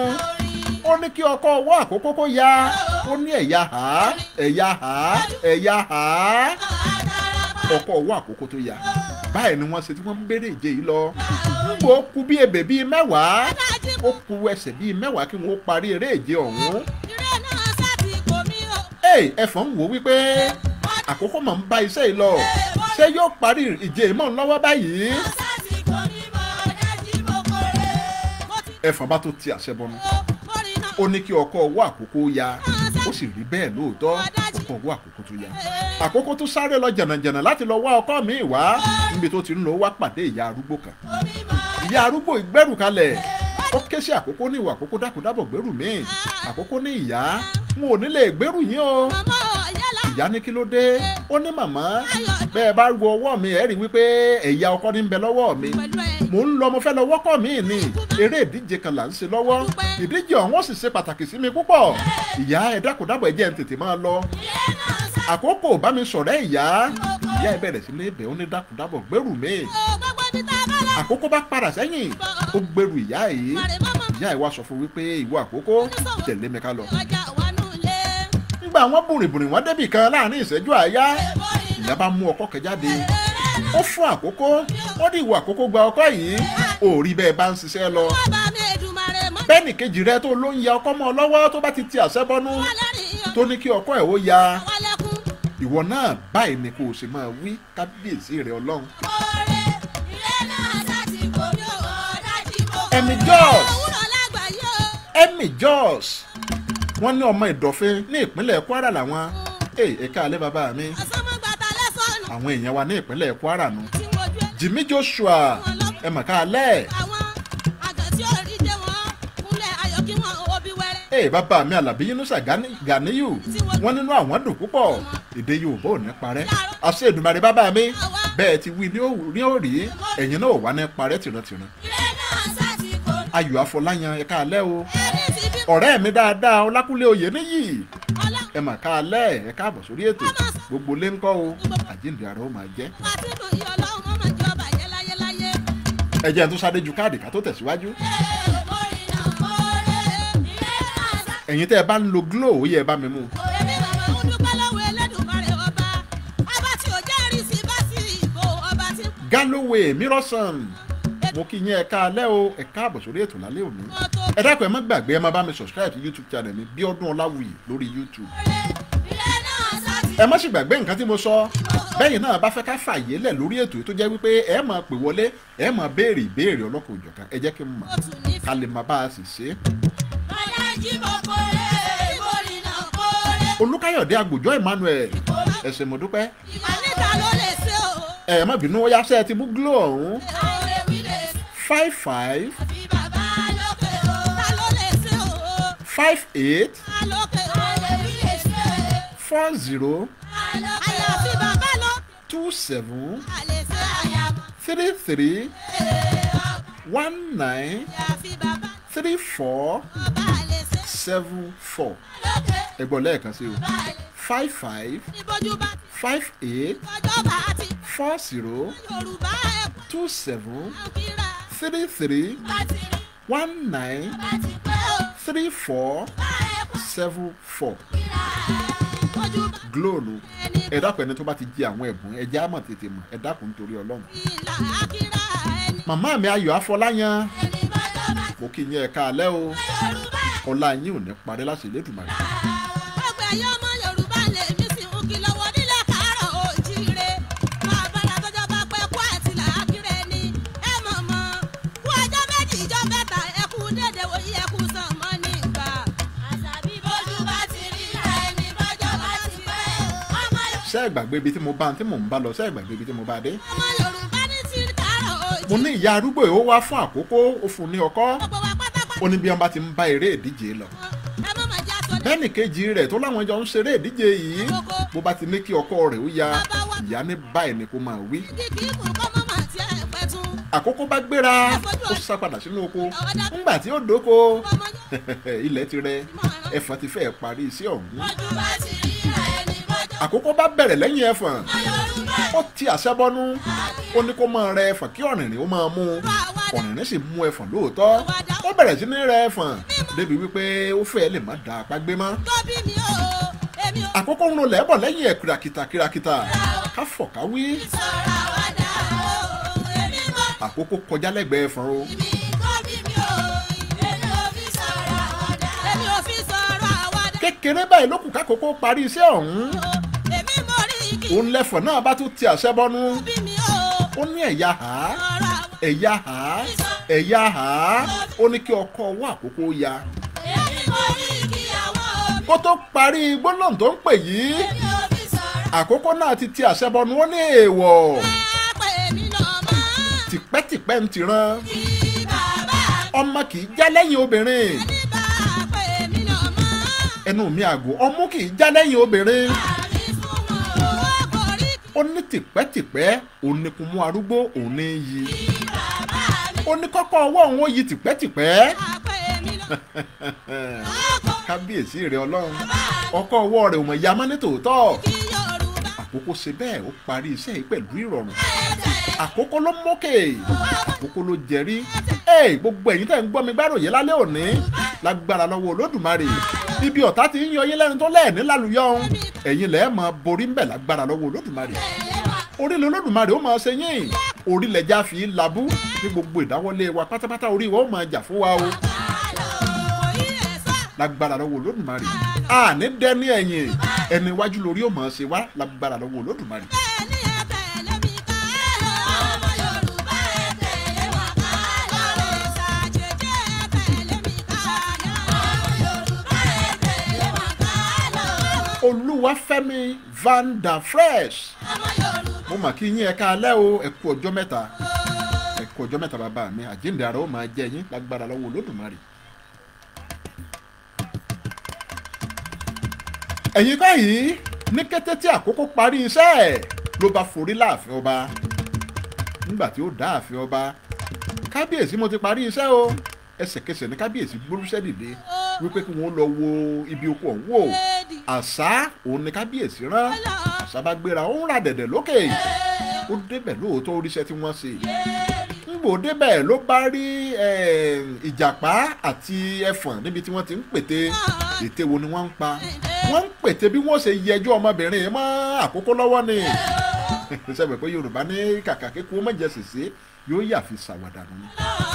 ó ní kí ọkọ ọwọ́ àkókò kó ya ó ní ẹ̀yà ha ẹ̀yà ha ẹ̀yà ha ọkọ̀ owó àkókò tó yá báyìí ni wọ́n ṣe tí wọ́n ń béèrè ìje yìí lọ nígbà ó kù bí ebè bíi mẹ́wàá ó kù ẹsẹ̀ bíi mẹ́wàá kí wọ́n parí eré ìje ọ̀hún. ẹ̀fọ́n wò wípé àkókò máa ń bá iṣẹ́ yìí lọ ṣé yóò parí ìje mọ́ lọ́wọ́ báyìí. ẹ̀fọ́n bá tó ti àṣẹ bọnu ó ní kí ọkọ̀ owó àkókò ya ó sì rí bẹ́ẹ̀ lóòótọ́. kò wá àkókò tó yá àkókò tó sáré lọ jànàjànà láti lọ wá ọkọ mi wá níbi tó ti ń lọ wá pàdé ìyá arúgbó kan ìyá arúgbó ìgbẹ́rù kalẹ̀ ó ké sí àkókò ní ìwà àkókò dákúdábọ̀ gbẹ́rù mi àkókò ní ìyá n ò nílé lè gbẹ́rù yín o ìyá ní kí ló dé ó ní màmá bẹ́ẹ̀ bá wo ọwọ́ mi ẹ̀ rí wípé ẹ̀yà ọkọ ní ń bẹ lọ́wọ́ mi mò ń lọ mo fẹ́ lọ wọ́kọ̀ míì ni eré ìdíje kan là ń ṣe lọ́wọ́ ìdíje ọ̀hún sì ṣe pàtàkì sí mi púpọ̀ ìyá ẹ dákun dábọ̀ ẹ tètè máa lọ àkókò bá mi sọ̀rẹ́ ìyá ìyá ẹ bẹ̀rẹ̀ sí ní ibẹ̀ ó ní dákun dábọ̀ gbẹ́rù mi àkókò bá padà sẹ́yìn ó gbẹ́rù ìyá yìí ìyá ẹ wá sọ fún wípé ìwọ àkókò tẹ̀lé mi ká lọ nígbà wọn bùrìbùrì wọn débì kan láàrin ìṣẹ́jú àáyá ìyá bá mú ọkọ́ kẹjáde ó fún àkókò wọ́n ní ìwà àkókò gba ọkọ yìí ò rí bẹ́ẹ̀ bá ń ṣiṣẹ́ lọ. bẹ́ẹ̀ni kejì rẹ tó ló ń ya ọkọ mọ́ ọ lọ́wọ́ tó bá ti ti àṣẹ bọ́nú tó ní kí ọkọ ẹ̀ ó ya ìwọ náà báyìí ni kò ṣe máa wí kábíyèsí rẹ ọlọ́run. Emmy Joss Emmy Joss wọ́n ní ọmọ ìdọ̀fin ní ìpínlẹ̀ Kwara làwọn ẹ̀ka alẹ́ bàbá mi àwọn èèyàn wa ní ìpínlẹ̀ Kwara nù. No. Jimmy Joshua ẹ mà ká alẹ́. ee bàbá mi Àlàbí Yunusa Ganiyu wọn nínú àwọn dùn púpọ̀ èdè Yorùbá ò ní parẹ́ àṣẹ Èdùmàrè bàbá mi bẹ́ẹ̀ ti wí ní òrí ẹ̀yin náà wà ní parẹ́ tìrantìran. Ayọ̀ Afọláyan ẹ ká alẹ́ o ọ̀rẹ́ mi dáadáa Ọlákúnlé Oyèníyì ẹ mà ká alẹ́ ẹ káàbọ̀ sórí ètò gbogbo lé ńkọ́ o àjíǹde ara ó máa jẹ́ ẹ jẹ́ tó sáré ju káàdì ká tó tẹ̀síwájú. ẹ̀yin tẹ́ ẹ bá ń lo glo ó yẹ ẹ bá mi mú. Galloway Mírọ́sàn mo kí yín ẹ̀ka alẹ́ o ẹ̀ka àbọ̀ sórí ètò lálẹ́ òní. ẹ dákun ẹ má gbàgbé ẹ má bá mi subscribe sí YouTube channel mi Bíọ́dún Ọláwùyí lórí YouTube ẹ má sì gbàgbé nǹkan tí mo sọ bẹ́yìn náà bá fẹ́ ká fàyè lẹ̀ lórí ètò tó jẹ́ wípé ẹ máa pè wọlé ẹ máa béèrè ìbéèrè ọlọ́kọ̀ òjọ̀kan ẹ jẹ́ kí n mọ̀ ká lè máa bá a sì ṣe. Olúkáyọ̀dé Àgbòjọ́ Emmanuel ẹ̀sìn mo ẹ má bínú ó yá ti mú glo ọ̀hún five five five eight four zero. two seven. three three. one nine. three four. seven four. ẹ gbọ́ lẹ́ẹ̀kan sí o. five five. five eight. four zero. two seven. three three. one nine. three four. seven four. Glo nu ẹ dákun ẹni tó bá ti jẹ àwọn ẹ̀bùn ẹ jẹ́ àmọ̀ tètè mọ̀ ẹ dákun nítorí Ọlọ́run. màmá mi Ayọ̀ Afọláyan mo kí yín ẹ káalẹ́ o ọlá yín ò ní parẹ́ láṣẹ Elédùmarè. ṣẹ́ẹ̀gbàgbé ibi tí mo bá tí mò ń bá lọ ṣẹ́ẹ̀gbàgbé ibi tí mo bá dé. ọmọ Yorùbá ní ti dárò òjì. mo ní ìyá arúgbó ó wá fún àkókò ó ní ọkọ ó ní bí wọn bá ti ń bá eré ìdíje lọ. bẹ́ẹ̀ni kejì rẹ̀ tó láwọn jọ ń ṣeré ìdíje yìí bó bá ti ní kí ọkọ rẹ̀ ó ya ìyá ní báyìí ni kó máa wí àkókò bá gbéra ó sá padà sínú oko ńgbà tí ó dóko ilẹ̀ ti rẹ ẹ̀fọn ti fẹ́ parí iṣẹ́ ọ̀hún àkókò bá bẹ̀rẹ̀ lẹ́yìn ẹ̀fọ̀n ó ti àṣẹ bọ́nú ó ní kó máa rẹ ẹ̀fọ̀n kí ọ̀rìnrìn ó máa mú ọ̀rìnrìn sì mú ẹ̀fọ̀n lóòótọ́ ó bẹ̀rẹ̀ sí ní rẹ ẹ̀fọ̀n débi wípé ó fẹ́ lè má da apá gbé mọ́ àkókò ń ro lẹ́bọ̀ lẹ́yìn ẹ̀ kìràkìtà kìràkìtà ká fọ̀ àkókò kọjá lẹ́gbẹ̀ẹ́ ẹ̀fọ̀n o. kékeré báyìí ló kù kákòókò parí iṣẹ́ ọ̀hún òun lẹ́fọ̀ náà bá tún ti àṣẹ bọ́nú ó ní ẹ̀yà hà ẹ̀yà hà ẹ̀yà hà ó ní kí ọkọ ọwọ́ àkókò ya kó tó parí gbólóhùn tó ń pè yìí àkókò náà ti ti àṣẹ bọ́nú ó ní èèwọ̀ tipẹ́tipẹ́ ń tiran ọmọ kì í já lẹ́yìn obìnrin ẹnu mi àgò ọmú kì í já lẹ́yìn obìnrin ó ní tìpẹ́tìpẹ́ òun ni kùn mú arúgbó òun ní í yí ó ní kọ́kọ́ ọwọ́ òun ó yí tìpẹ́tìpẹ́ kábíyèsí rẹ ọlọ́run ọkọ ọwọ́ rẹ ò mọ̀ ya mọ́ ní tòótọ́ àkókò ṣe bẹ́ẹ̀ ó parí iṣẹ́ yìí pẹ̀lú ìrọ̀rùn àkókò ló mókè àkókò ló jẹ́rí gbogbo ẹ̀yin tẹ̀ ń gbọ́ mi gbáròyé lálẹ́ òní lágbára lọ́wọ́ olódùmarè ibi ọ̀tá ti ń yọ yín lẹ́nu tó lẹ́ẹ̀ní lálùyọ ọ̀hún ẹ̀yin lẹ́ẹ̀ mọ borí ńbẹ̀ lágbára lọ́wọ́ olódùmarè orílẹ̀ olódùmarè ó máa ṣe yín orílẹ̀-èdè àfi labú ní gbogbo ìdáwọ́lé wa pátápátá orí wa ó máa jà fún wa o lágbára lọ́wọ́ olódùmarè àní dẹ́ni ẹ̀yìn ẹni iwájú lórí ó máa ṣe wá lágbára lọ́wọ́ olódùmarè. olúwàfẹ́mi van der fresh mo mà kí yín ẹ káalẹ́ o ẹ kú ọjọ́ mẹ́ta ẹ kú ọjọ́ mẹ́ta bàbá mi àjíǹde ara ó máa jẹ yín lágbára lọ́wọ́ olódùmarè. ẹ̀yin báyìí ní kété tí àkókò parí iṣẹ́ ẹ̀ ló bá forí láàfin ọba nígbà tí ó dá àfin ọba kábíyèsí mo ti parí iṣẹ́ o ẹsẹ̀kẹsẹ̀ ní kábíyèsí gbórúṣẹ́ dìde. Oh wípé kí wọ́n lọ wo ibi oko ọ̀hún wò àṣá òun ni kábíyèsí rán àṣá bá gbéra ó ń ra dẹ̀dẹ̀ lókè ó débẹ̀ lóòótọ́ oríṣẹ́ tí wọ́n ṣe níbo débẹ̀ ló bá rí ìjàpá àti ẹfọ̀n níbi tí wọ́n ti ń pète ah. ète wo ni wọ́n ń pa wọ́n ń pète bí wọ́n ṣe yẹjọ́ ọmọbìnrin mọ́ àkókò lọ́wọ́ ni sẹ́mi pé Yorùbá ní kàkà kíkú mọ̀jẹ̀sì yóò yàfi ṣàwàdà nù. Ah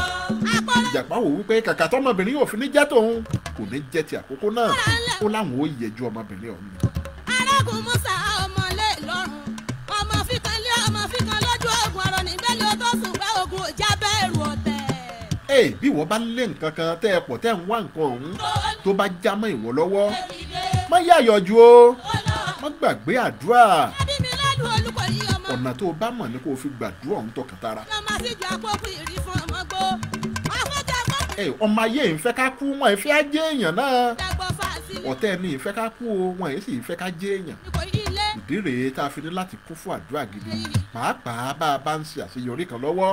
ìjàpá wò wípé kàkà tọmọbìnrin yóò fi ní jẹ́ tòun kò ní jẹ́ ti àkókò náà ó láwọn ó yẹjú ọmọbìnrin ọ̀hún. arákùn musa ọmọlé lọ́rùn ọmọ fíkan lé ọmọ fíkan lójú oògùn ọ̀rọ̀ nígbẹ́lẹ́ o tó sùn pé oògùn ò já bẹ́ẹ̀rù ọ̀tẹ̀. ẹ bí wọ́n bá lé nǹkan kan tẹ́ ẹ pọ̀ tẹ́ ń wá nǹkan ọ̀hún tó bá já mọ́ ìwọ lọ́wọ́ má yáyọjú o má gbàgbé àdúrà ọ̀nà tó o bá mọ̀ ni kó fi gbàdúrà ọ̀hún tọkàntara. ọmọ síjà pọ́pù ìrìf ọmọ ayé ìfẹ́ ká kú wọn ìfẹ́ á jẹ́ èèyàn náà ọ̀tẹ́ ni ìfẹ́ ká kú o wọn èyí sì ìfẹ́ ká jẹ́ èèyàn ìdí rèé tá a fi ní láti kún fún àdúrà gidi pàápàá bá a bá ń ṣe àṣeyọrí kan lọ́wọ́.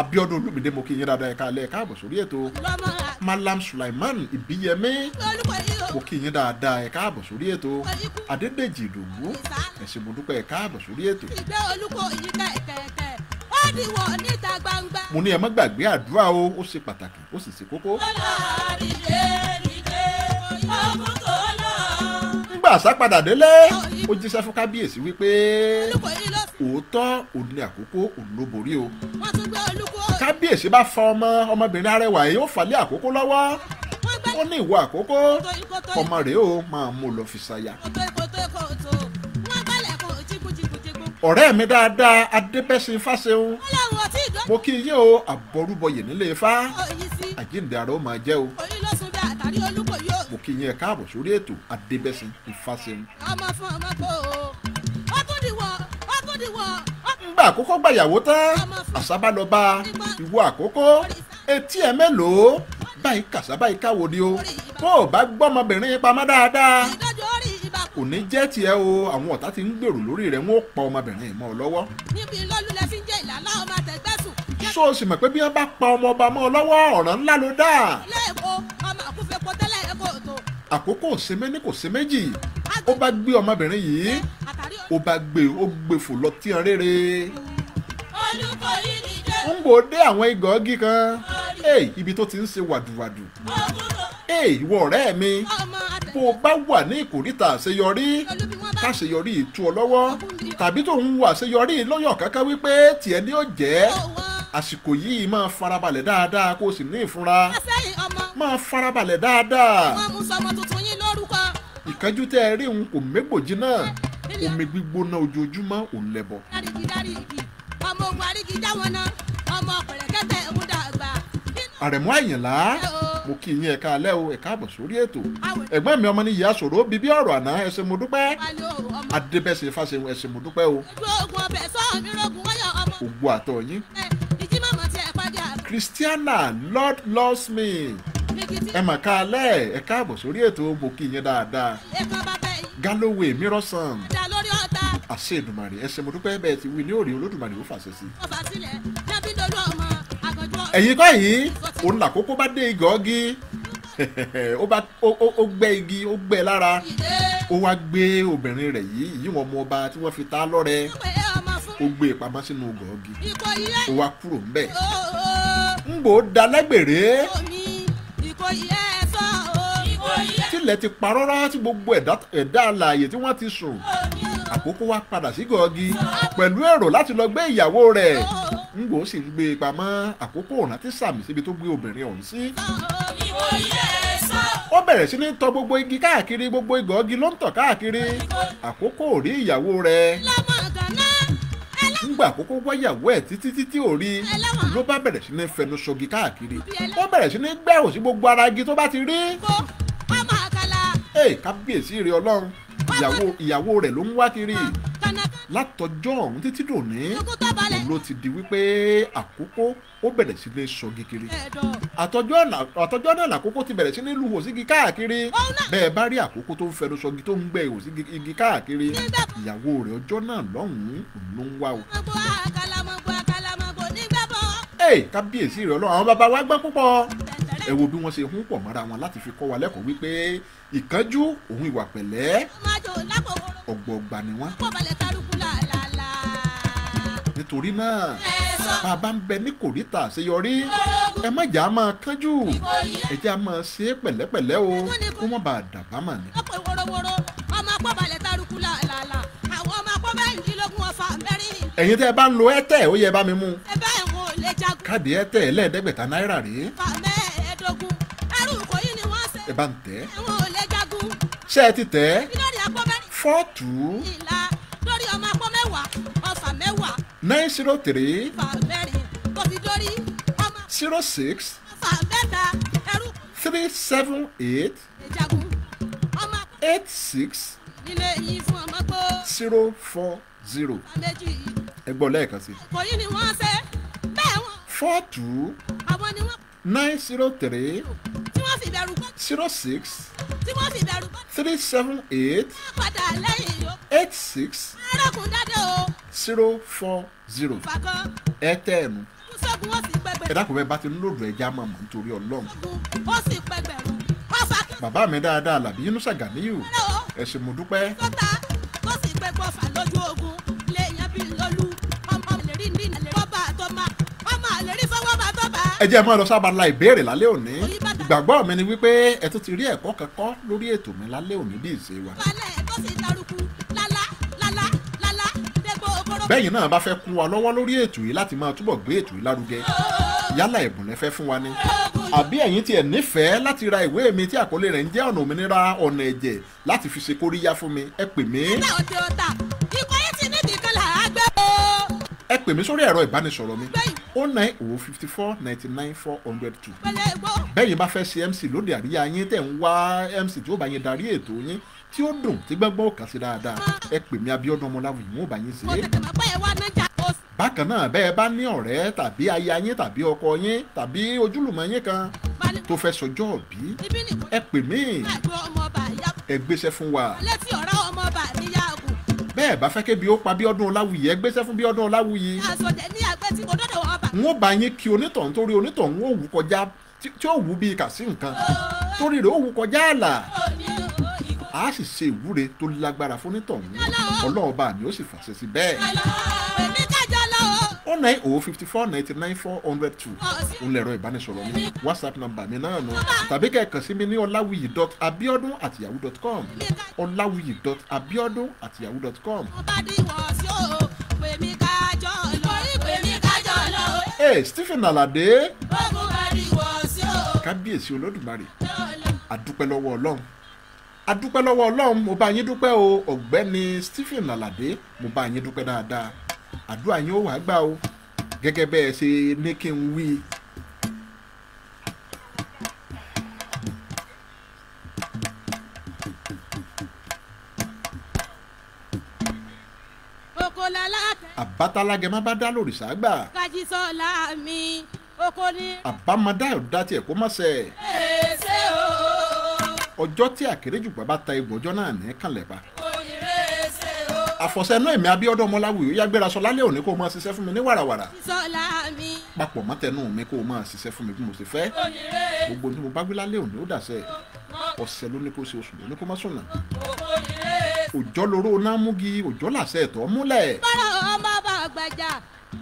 Abíọ́dún Olúmídé mo kí yín dáadáa ẹ̀ka alẹ́ káàbọ̀ sórí ètò Malam Sulaiman Ìbíyẹmí mo kí yín dáadáa ẹ̀ka àbọ̀ sórí ètò Adédèjì Ìdòwú ẹ̀sìn mo dúpẹ́ ẹ̀ka àbọ̀ sórí ètò. ìgbẹ́ olùkọ́ yìí ká ẹ̀kẹ́ ẹ̀kẹ́ ó dìwọ̀ níta gbangba. mo ní ẹ má gbàgbé àdúrà o ó ṣe pàtàkì ó sì ṣe kókó. nígbà àsápadà délé ó jíṣẹ́ fún kábíyèsí wípé òótọ́ òun ni àkókò òun ló borí o. kábíyèsí bá fa ọmọ ọmọbìnrin arẹwà yìí ó falẹ̀ àkókò lọ́wọ́ ó ní ìwọ àkókò ọmọ rẹ̀ ó máa mú lọ fi ṣaya ọ̀rẹ́ mi dáadáa adébẹ́sí fáṣeun mo kí yé o àbọ̀rúbọyè nílé ifá àjíǹde ara ó máa jẹ́ o mo kí yín ẹ káàbọ̀ sórí ètò adébẹ́sí fáṣeun. ọmọ fún ọmọ kò o ó tún dìwọ̀ ó tún dìwọ̀. ngbà àkókò gbàyàwó tán àṣàbà lọ bá ìwọ àkókò etí ẹ mélòó báyìí kàṣà báyìí káwo ni o bó o bá gbọ́mọbìnrin pamọ́ dáadáa kò jẹ́ tiẹ̀ o àwọn ọ̀tá ti ń gbèrò lórí rẹ̀ wọ́n pa ọmọbìnrin mọ́ ọ lọ́wọ́. níbi lọ́lù lẹ fi ń jẹ́ ìlàlá ọmọ àtẹ̀gbẹ́sùn. so o sì mọ̀ pé bí wọ́n bá pa ọmọ ọba mọ́ ọ lọ́wọ́ ọ̀ràn ńlá ló dà. lẹ́ẹ̀kọ́ ọmọ àkúfẹ́ kọ tẹ́lẹ̀ ẹ̀kọ́ òtò. àkókò sẹ́mẹ́ ní kò sẹ́ méjì ó bá gbé ọmọbìnrin yìí ó bá gbé ó gbé fò lọ tí ọ̀rẹ́ rẹ̀. olùkọ́ yìí nìjẹ́. ń ti ń ṣe wàdùwàdù ìwọ ọ̀rẹ́ mi bó o bá wà ní ìkòríta àṣeyọrí káṣeyọrí ìtú ọ lọ́wọ́ tàbí tó ń wo àṣeyọrí lọ́yọ̀ káká wípé tiẹ̀ ni ó jẹ́ àsìkò yìí máa farabalẹ̀ dáadáa kó o sì ní ìfúnra máa farabalẹ̀ dáadáa. ìkájú tẹ́ ẹ rí òun kò mégbòjì náà omi gbígbóná ojoojúmọ́ òun lẹ̀bọ. àrẹ̀mú àyìnlá mo kí yín ẹ̀ka alẹ́ o ẹ̀ka àbọ̀ sórí ètò ẹ̀gbọ́n mi ọmọ ní ìyá sọ̀rọ̀ bíbí ọ̀rọ̀ àná ẹsẹ̀ mo dúpẹ́ adébẹ̀sẹ̀ fàṣẹ̀hùn ẹsẹ̀ mo dúpẹ́ o ògbó àtọ̀ yín Christiana Lord loves me ẹ mà ká alẹ́ ẹ̀ka àbọ̀ sórí ètò mo kí yín dáadáa Galloway mírọ̀sán àṣẹ Èdùmàrè ẹsẹ̀ mo dúpẹ́ bẹ́ẹ̀ ti wí ní òrì Olódùmarè ó fàṣẹ sí ẹ̀yin kọ́ yìí òun làkókò bá dé igọ̀ ọ́gí ó gbẹ́ igi ó gbẹ́ lára ó wá gbé obìnrin rẹ̀ yìí yíwọ̀n ọmọ ọba tí wọ́n fi ta lọ́rẹ ó gbé ìpamọ́ e sínú igọ̀ ọ́gí ó wá kúrò ńbẹ̀ ńgbò dalẹ́gbèrè tilẹ̀ ti parọ́ rárá tí gbogbo ẹ̀dá alààyè tí wọ́n ti sùn àkókò wá padà sí gọ̀ọ́gì pẹ̀lú èrò láti ngbò sì ń gbé e pamọ́ àkókò ọ̀nà tí sàmì síbi tó gbé obìnrin ọ̀hún sí. ó bẹ̀rẹ̀ sí ní tọ gbogbo igi káàkiri gbogbo igọ̀ọ́gi ló ń tọ̀ káàkiri àkókò rí ìyàwó rẹ̀ nígbà àkókò wáyàwó ẹ̀ títí títí ò ló bá bẹ̀rẹ̀ sí ní fẹnu ṣogi káàkiri ó bẹ̀rẹ̀ sí ní gbẹ̀rù sí gbogbo ara igi tó bá ti rí. ẹ kábíyèsí rẹ ọlọ́run ìyàwó rẹ̀ ló ń wá kiri látọjọ́ ọ̀hún títí dòní ló ti di wípé àkókò ó bẹ̀rẹ̀ sí lè sọ gígiri àtọjọ́ náà làkókò ti bẹ̀rẹ̀ sí ní lu òsígi káàkiri bẹ́ẹ̀ bá rí àkókò tó ń fẹnu sọgi tó ń gbẹ òsígi igi káàkiri ìyàwó rẹ̀ ọjọ́ náà lọ́hùn-ún ló ń wá o kábíyèsí rẹ ọlọ́run àwọn bàbá wa gbọ́n púpọ̀ ẹ wo bí wọ́n ṣe hún pọ̀ mọ́ra wọn láti fi kọ́ wa lẹ́kọ̀ọ́ wípé ìkánjú òun ìwà pẹ̀lẹ́ ọ̀gbọ̀ọ̀gbà ni wọ́n. nítorí náà bàbá ń bẹ ní kòríta àṣeyọrí ẹ má jà á máa kánjú ẹ jẹ́ á máa ṣe é pẹ̀lẹ́pẹ̀lẹ́ o kó má bàa dàbá mà ní. ọ̀pọ̀ ìwòròwòrò ọmọ akpọ̀ balẹ̀ tarukú làlàlà àwọn ọmọ ẹ̀yin tẹ́ ẹ bá ń lo airtel ó yẹ bá mi mú. káàdì airtel ẹlẹ́ẹ̀ẹ́dẹ́gbẹ̀ta náírà rèé bá ń tẹ̀. ṣé ẹ ti tẹ̀? fọ́ọ̀tù. ìlà lórí ọmọ apọ́ mẹ́wàá ọfà mẹ́wàá. nine zero three. ìfà mẹ́rin kò fi dórí ọmọ. zero six. ọfà mẹ́ta ẹrú. three seven eight. eight six. ilé yìí fún ọmọ gbó. zero four zero. ẹ gbọ́ lẹ́ẹ̀kan sí. kò yí ni wọ́n ṣe bẹ́ẹ̀ wọ́n. four àwọn ni wọ́n. nine zero three zero six. three seven eight. eight six. zero four zero. fàkọ́. ẹ tẹ́ ẹ mú. sọ́gun ó sì pẹ́gbẹ́. ẹ dákun bẹ́ẹ̀ bá ti ń lòdù ẹja máa mọ̀ nítorí ọlọ́run. sọ́gun bàbá mi dáadáa làbí Yunusa Ganiyu. ẹ ṣé ẹ jẹ́ mọ́ ẹ lọ sábàlá ìbéèrè lálẹ́ òní ìgbàgbọ́ mi ni wípé ẹ tún ti rí ẹ̀kọ́ kẹ́kọ́ lórí ètò mi lálẹ́ òní bí ìṣe wa. balẹ̀ tó ti darúkú lálá lálá lálá dẹ́gbò ògbóró. bẹ́yìn náà bá fẹ́ kún wa lọ́wọ́ lórí ètò yìí láti máa túbọ̀ gbé ètò yìí lárugẹ yálà ẹ̀bùn lẹ fẹ́ fún wa ni àbí ẹ̀yin tiẹ̀ nífẹ̀ẹ́ láti ra ìwé mi tí àkọlé rẹ̀ ń jẹ́ ọ̀nà òmìnira ọ̀nà ẹ̀jẹ̀ láti fi ṣe kóríyá fún mi ẹ pè mí ẹ pè mí sórí ẹ̀rọ ìbánisọ̀rọ̀ mi o nine o oh fifty four ninety nine four hundred two bẹ́ẹ̀ bá fẹ́ ṣe mc lóde àríyá yín tẹ̀ ń wá mc tí ó bá yín darí ètò yín tí ó dùn tí gbẹ́gbọ́ ò kà sí dáadáa ẹ pè mí Abíọ́dún Ọmọláwùyí wọn ò bá yín ṣe é. bákan náà bẹ́ẹ̀ bá ní ọ̀rẹ́ tàbí aya yín tàbí ọkọ yín tàbí ojúlùmọ̀ yín kan tó fẹ́ sọjọ́ bí ẹ pè mí ẹ gbéṣẹ́ fún wa. ọmọ bàrẹ̀ bẹ́ẹ̀ bá fẹ́ ké bí ó pa Bíọ́dún Ọláwuyì ẹ gbéṣẹ́ fún Bíọ́dún Ọláwuyì. àsọjẹ ní àgbẹ̀ tí mo dọ́dọ̀ wọn bá. n ó bá yín kí onítọ̀hún torí onítọ̀hún ó wù kọjá tí ó wù bíi kàsí nǹkan torí rẹ̀ ó wù kọjá àlà a sì ṣe ìwúre tó lágbára fún onítọ̀hún ọlọ́ọ̀ba ni ó sì fàṣẹ sí bẹ́ẹ̀ oh nine oh fifty four ninety nine four hundred two òun lẹ̀rọ ìbánisọ̀rọ̀ mi whatsapp number mi náà nù tàbí kẹ́ ẹ kàn sí mi ní ọláwìyí dot abiodun at yahoo dot com ọláwìyí dot abiodun at yahoo dot com. ee stephen alade kábíyèsí olódùmarè adúpẹ́ lọ́wọ́ ọlọ́run adúpẹ́ lọ́wọ́ ọlọ́run mo bá yín dúpẹ́ o ọ̀gbẹ́ni stephen alade mo bá yín dúpẹ́ dáadáa àdúrà yín ó wá gbà o gẹ́gẹ́ bẹ́ẹ̀ ṣe ní kí n wí. àbátalágẹ má bá dá lòrìṣà gbà. kájísọ́lá mi oko ní. àbámadá ọ̀dá tiẹ̀ kó má ṣe. o. ọjọ́ tí àkéréjù bàbá ta egbò náà ní kànlẹ̀ pa àfọ̀sẹ́nú ẹ̀mí abíọ́dún ọmọláwùyí ó yá gbéra sọ lálẹ́ òní kó o máa ṣiṣẹ́ fún mi ní wàràwàrà. sọlá mi. papọ̀ mọ́tẹ́nu mi kó o máa ṣiṣẹ́ fún mi bí mo ṣe fẹ́. gbogbo ní mo bá gbé lálẹ́ òní ó dàṣẹ́ ọ̀sẹ̀ ló ní kó ṣe oṣù lóní kó má sùn náà. òjò lóró náà mú gi òjò làṣẹ ẹ̀tọ́ múlẹ̀. bọ́lá ọmọ bá gbàjà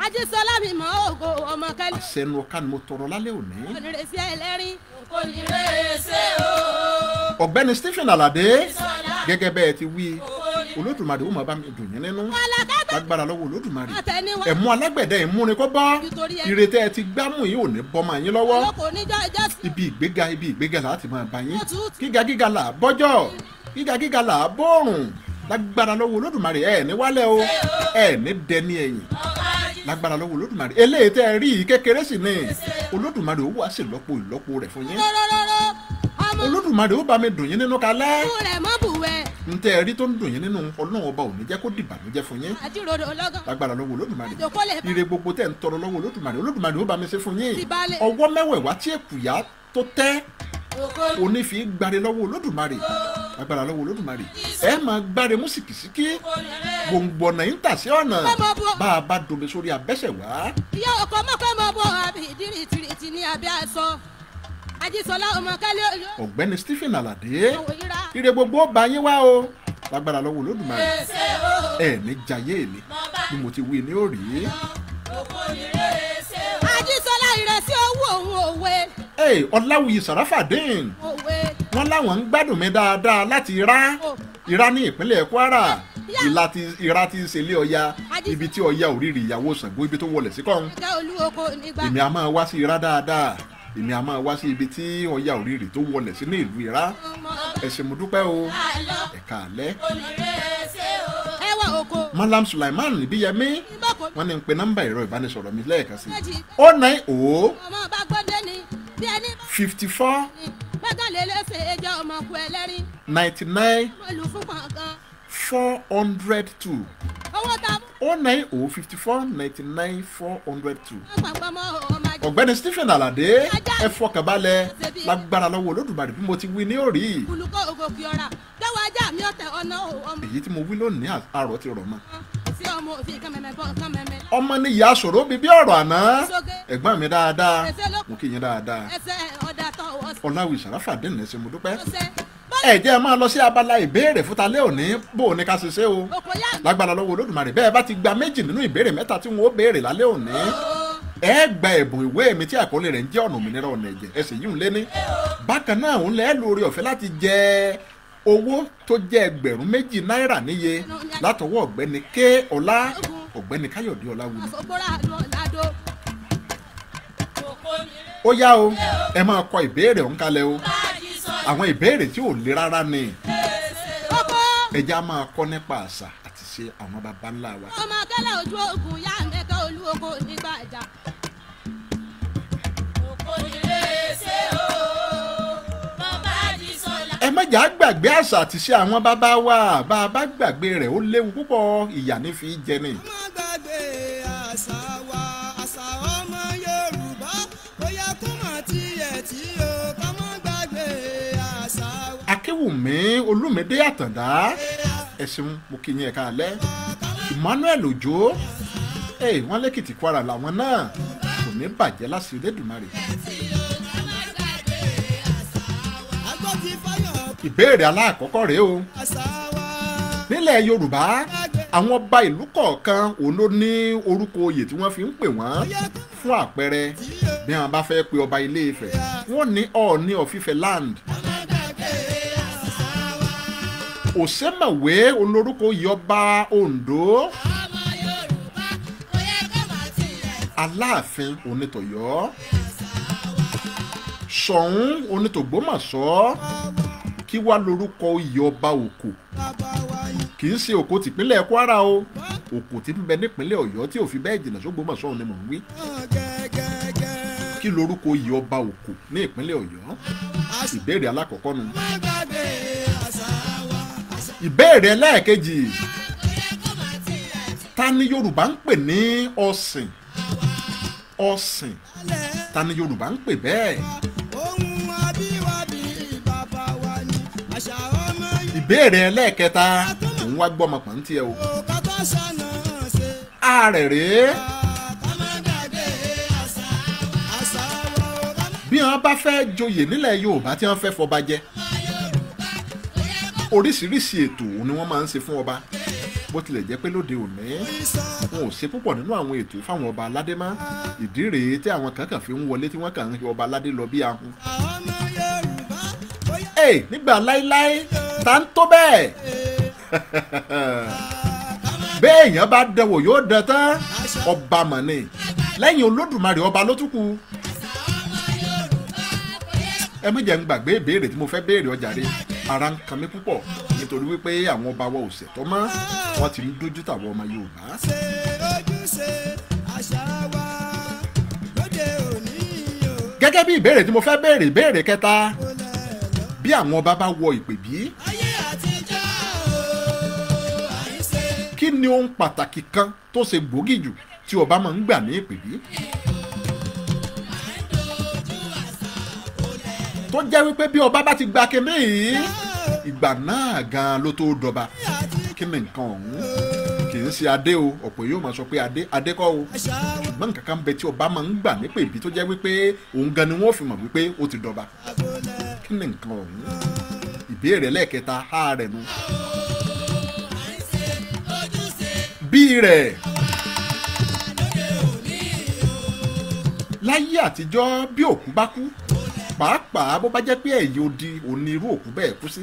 ajísọlá mi mọ ògo mo tọrọ lálẹ́ òní. onírèsí ẹlẹ́rìn kò o. ọ̀gbẹ́ni Stephen Alade gẹ́gẹ́ bẹ́ẹ̀ ti wí olódùmarè ó máa bá mi dùn yín nínú lágbára lọ́wọ́ olódùmarè ẹ̀mú alágbẹ̀dẹ ìmúni kó bọ́ ìrètẹ́ ẹ ti gbámú yìí ò ní bọ́ máa yín lọ́wọ́ ibi ìgbéga ibi ìgbéga láti máa bá yín gíga gíga là bọ́jọ́ gíga gíga là bọ́ọ̀rùn lágbára lọ́wọ́ olódùmarè ẹ̀ ní wálẹ̀ o ẹ̀ ní dẹni ẹ̀yìn lágbára lọ́wọ́ olódùmarè eléyìí tẹ́ ẹ rí i kékeré sì ni olódùmarè ó wá sí lọ́pọ̀ ìlọ́pọ̀ rẹ̀ fún yín olódùmarè ó bá mi dùn yín nínú kalẹ́ ntẹ ẹrí tó ń dùn yín nínú ọlọ́run ọba òní jẹ́ kó dìbànújẹ́ fún yín. àjíròrò ọlọ́gán. lágbára lọ́wọ́ olódùmarè. ire gbogbo tẹ̀ ń tọrọ lọ́wọ́ olódùmarè olódùmarè ó bá mi ṣe fún yín. ọwọ́ mẹ́wẹ̀ẹ̀wá tí èkùyà tó tẹ́ òní fi gbáre lọ́wọ́ olódùmarè agbára lọ́wọ́ olódùmarè ẹ máa gbáre mú sìkìsìkì gbòǹgbò ọ̀nà yín tà sí ọ̀nà bá a bá domi sórí abẹ́sẹ̀ wá. ìyá ọkọ̀ mọ́kọ́ mọ́ bọ̀ àbí ìdírí ìtìrìtì ní abẹ́ àṣọ ajísọlá ọmọ kálí. ọ̀gbẹ́ni stephen aládé ire gbogbo bá yín wá o lágbára lọ́wọ́ olódùmarè ẹ̀ẹ́ni jayé mi bí mo ti wí ni ó rí. ajísọlá ìrẹsì owó òun òwe. ọláwùyí sàràfàdín wọn láwọn ń gbádùn mi dáadáa láti ra ìra oh. ní ìpínlẹ̀ kwara ìlà ti ìra ti ṣẹlẹ̀ ọya ibi tí ọya òrìrì ìyàwó Ṣàngó ibi tó wọlé sí kọ́run èmi a máa wá sí ìra dáadáa èmi a wá sí ibi tí ọya òrìrì tó wọlẹ̀ sí ní ìlú ìrá ẹ̀sìn mo dúpẹ́ o ẹ̀ka àlẹ́. Malam Sulaiman Níbíyẹmí wọ́n ní n pe nọ́mbà ẹ̀rọ ìbánisọ̀rọ̀ mi lẹ́ẹ̀kan sí i o nine oh o oh fifty four ninety nine four hundred two o nine o fifty four ninety nine four hundred two ọ̀gbẹ́ni Stephen Alade ẹ fọkànbalẹ̀ lágbára lọ́wọ́ olódùmarè bí mo ti wí ní òrí. olùkọ́ ògòkè ọ̀rà dọ́wọ́ ajá mi ọ̀tẹ̀ ọ̀nà ọmọ. èyí tí mo wí lónìí àrò ti rọ̀ mọ́. ọmọ ni ìyá sọ̀rọ̀ bíi bí ọ̀rọ̀ àná ẹ̀gbọ́n mi dáadáa mo kí yín dáadáa ọ̀làwì sàràfà dènà ẹ̀sìn mo dúpẹ́ ẹ jẹ́ máa lọ sí abala ìbéèrè fúta lé òní bó o ní ká ṣe ṣe o lágbára lọ́wọ́ olódùmarè bẹ́ẹ̀ bá ti gba méjì nínú ìbéèrè mẹ́ta tí wọ́n ó béèrè lálẹ́ òní. ẹ gba ẹ̀bùn ìwé mi tí àkọlé rẹ̀ ń jẹ́ ọ̀nà òmìnira ọ̀nà ẹ̀jẹ̀ ẹsẹ̀ yìí ń lé ní. bákan náà òun lẹ́ẹ̀ lórí ọ̀fẹ́ láti jẹ owó tó jẹ ẹgbẹ̀rún méjì náírà níye látọwọ́ ọ̀gbẹ́ni ké o ẹ kọ ìbéèrè ọ̀hún o àwọn ìbéèrè tí ò le rárá ni ẹ já máa kọ́ nípa láti ṣe àwọn baba ńlá wa. ọmọ kẹlẹ ojú ogun yá mẹkẹ olú oko nígbà ìjà. òkò ṣe o bàbá di sọlá. ẹ má gbàgbé àṣà àti ṣe àwọn bàbá wa bá bá gbàgbé rẹ̀ ó léwu púpọ̀ ìyà ní fi jẹni. má Akéwùmí Olúmídé Àtàndá. Yeah ẹ ṣeun mo kí yín ẹ̀ka alẹ́ Emmanuel Òjó wọ́n lẹ́kìtì Kwara làwọn náà kò ní bàjẹ́ láti Elédùmarè. ìbéèrè aláàkọ́kọ́ rèé o nílẹ̀ Yorùbá àwọn ọba ìlú kọ̀ọ̀kan òun ló ní orúkọ oyè tí wọ́n fi ń pè wọ́n fún àpẹẹrẹ bí wọ́n bá fẹ́ pe ọba Ilé-Ifẹ̀ wọ́n ní Ọọ̀ni of Ifẹ̀ land òsèmọ̀wé olórúkọ yọba Ondo aláàfin onítọ̀yọ́ ṣọ̀ún onítògbómọ̀ṣọ́ kí wá lórúkọ oyè ọba òkò kì í ṣe òkò tìpínlẹ̀ Kwara o òkò tí ń bẹ nípínlẹ̀ Ọ̀yọ́ tí ò fi bẹ́ẹ̀ jìnnà sógbómọ̀ṣọ́ ni mò ń wí kí lórúkọ oyè ọba òkò ní ìpínlẹ̀ Ọ̀yọ́ ìbéèrè alákọ̀ọ́kọ́ nu ìbéèrè lẹ́ẹ̀kejì ta ni Yorùbá ń pè ní ọ̀sìn ọ̀sìn ta ni Yorùbá ń pè bẹ́ẹ̀. ìbéèrè ẹlẹ́ẹ̀kẹta òun wá gbọ́ ọmọ pàǹtí ẹ o. ààrẹ rèé. bí wọn bá fẹ́ joyè nílẹ̀ Yorùbá tí wọ́n fẹ́ fọba jẹ oríṣiríṣi ètò ni wọ́n máa ń ṣe fún ọba bó tilẹ̀ jẹ́ pé lóde òní wọn ò ṣe púpọ̀ nínú àwọn ètò fáwọn ọba aládé mọ́ ìdí rèé tí àwọn kan kàn fi ń wọlé tí wọ́n kàn ń fi ọba aládé lọ bí ahun. ẹ nígbà láéláé ta ń tó bẹ́ẹ̀ bẹ́ẹ̀ bá dẹwò yóò dẹ tán ọba mọ̀ lẹ́yìn olódùmarè ọba ló tún kù ẹ méjèèjì ń gbàgbé ìbéèrè tí mo fẹ́ béèrè ọjà rẹ ara ń kan mí púpọ̀ nítorí wípé àwọn ọba wa ò ṣẹ̀tọ́ mọ́ wọ́n ti ń dójú tàwọn ọmọ Yorùbá. ṣe ojúṣe àṣà wa lóde òní o. gẹ́gẹ́ bí ìbéèrè tí mo fẹ́ béèrè ìbéèrè kẹta bí àwọn ọba bá wọ ìpè bí. ayé àtijọ́ o àìṣe. kí ni ohun pàtàkì kan tó ṣe gbòógì jù tí ọba máa ń gbà ní ìpè bí. tó jẹ́ wípé bí ọba bá ti gba kinní yìí ìgbà náà gan ló tó dọba kí ni nǹkan ọ̀hún kì í ṣe adé o ọ̀pọ̀ yóò máa sọ pé adé adé kọ́ o ṣùgbọ́n nǹkan kan bẹ tí ọba máa ń gbà nípa ibi tó jẹ́ wípé òun gan ni wọ́n fi mọ̀ wípé ó ti dọba kí ni nǹkan ọ̀hún ìbéèrè lẹ́ẹ̀kẹta á rẹ̀ nu bí rẹ̀. láyé àtijọ́ bí òkú bá kú pàápàá bó bá jẹ́ pé ẹ̀yìn odi òní irú òkú bẹ́ẹ̀ kú sí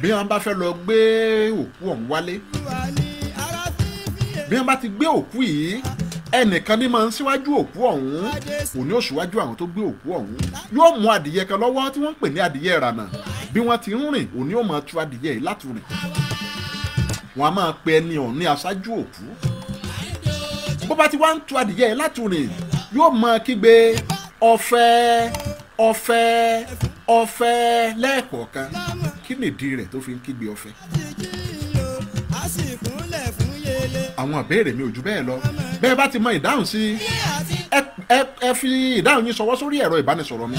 bí wọ́n bá fẹ́ lọ gbé òkú ọ̀hún wálé bí wọ́n bá ti gbé òkú yìí ẹnìkan ní máa ń síwájú òkú ọ̀hún òní òṣùwájú àwọn tó gbé òkú ọ̀hún yóò mú adìyẹ kan lọ́wọ́ tí wọ́n ń pè ní adìyẹ ìrànà bí wọ́n ti ń rìn òní ò máa tú adìyẹ yìí láti rìn wọ́n á máa pe ẹni ọ̀hún ní aṣáájú òkú bó bá ti wá ń tú adìyẹ yìí láti rìn yóò máa kígbe ọ̀fẹ́ ọ̀fẹ́ ọ̀fẹ́ lẹ́ẹ̀kọ̀ọ̀kan kí nìdí rẹ̀ tó fi ń kígbe ọ̀fẹ́. àwọn àbẹ̀rẹ̀ mi ò jù bẹ́ẹ̀ lọ bẹ́ẹ̀ bá ti mọ ìdáhùn sí ẹ fi ìdáhùn yín ṣọwọ́ sórí ẹ̀rọ ìbánisọ̀rọ̀ mi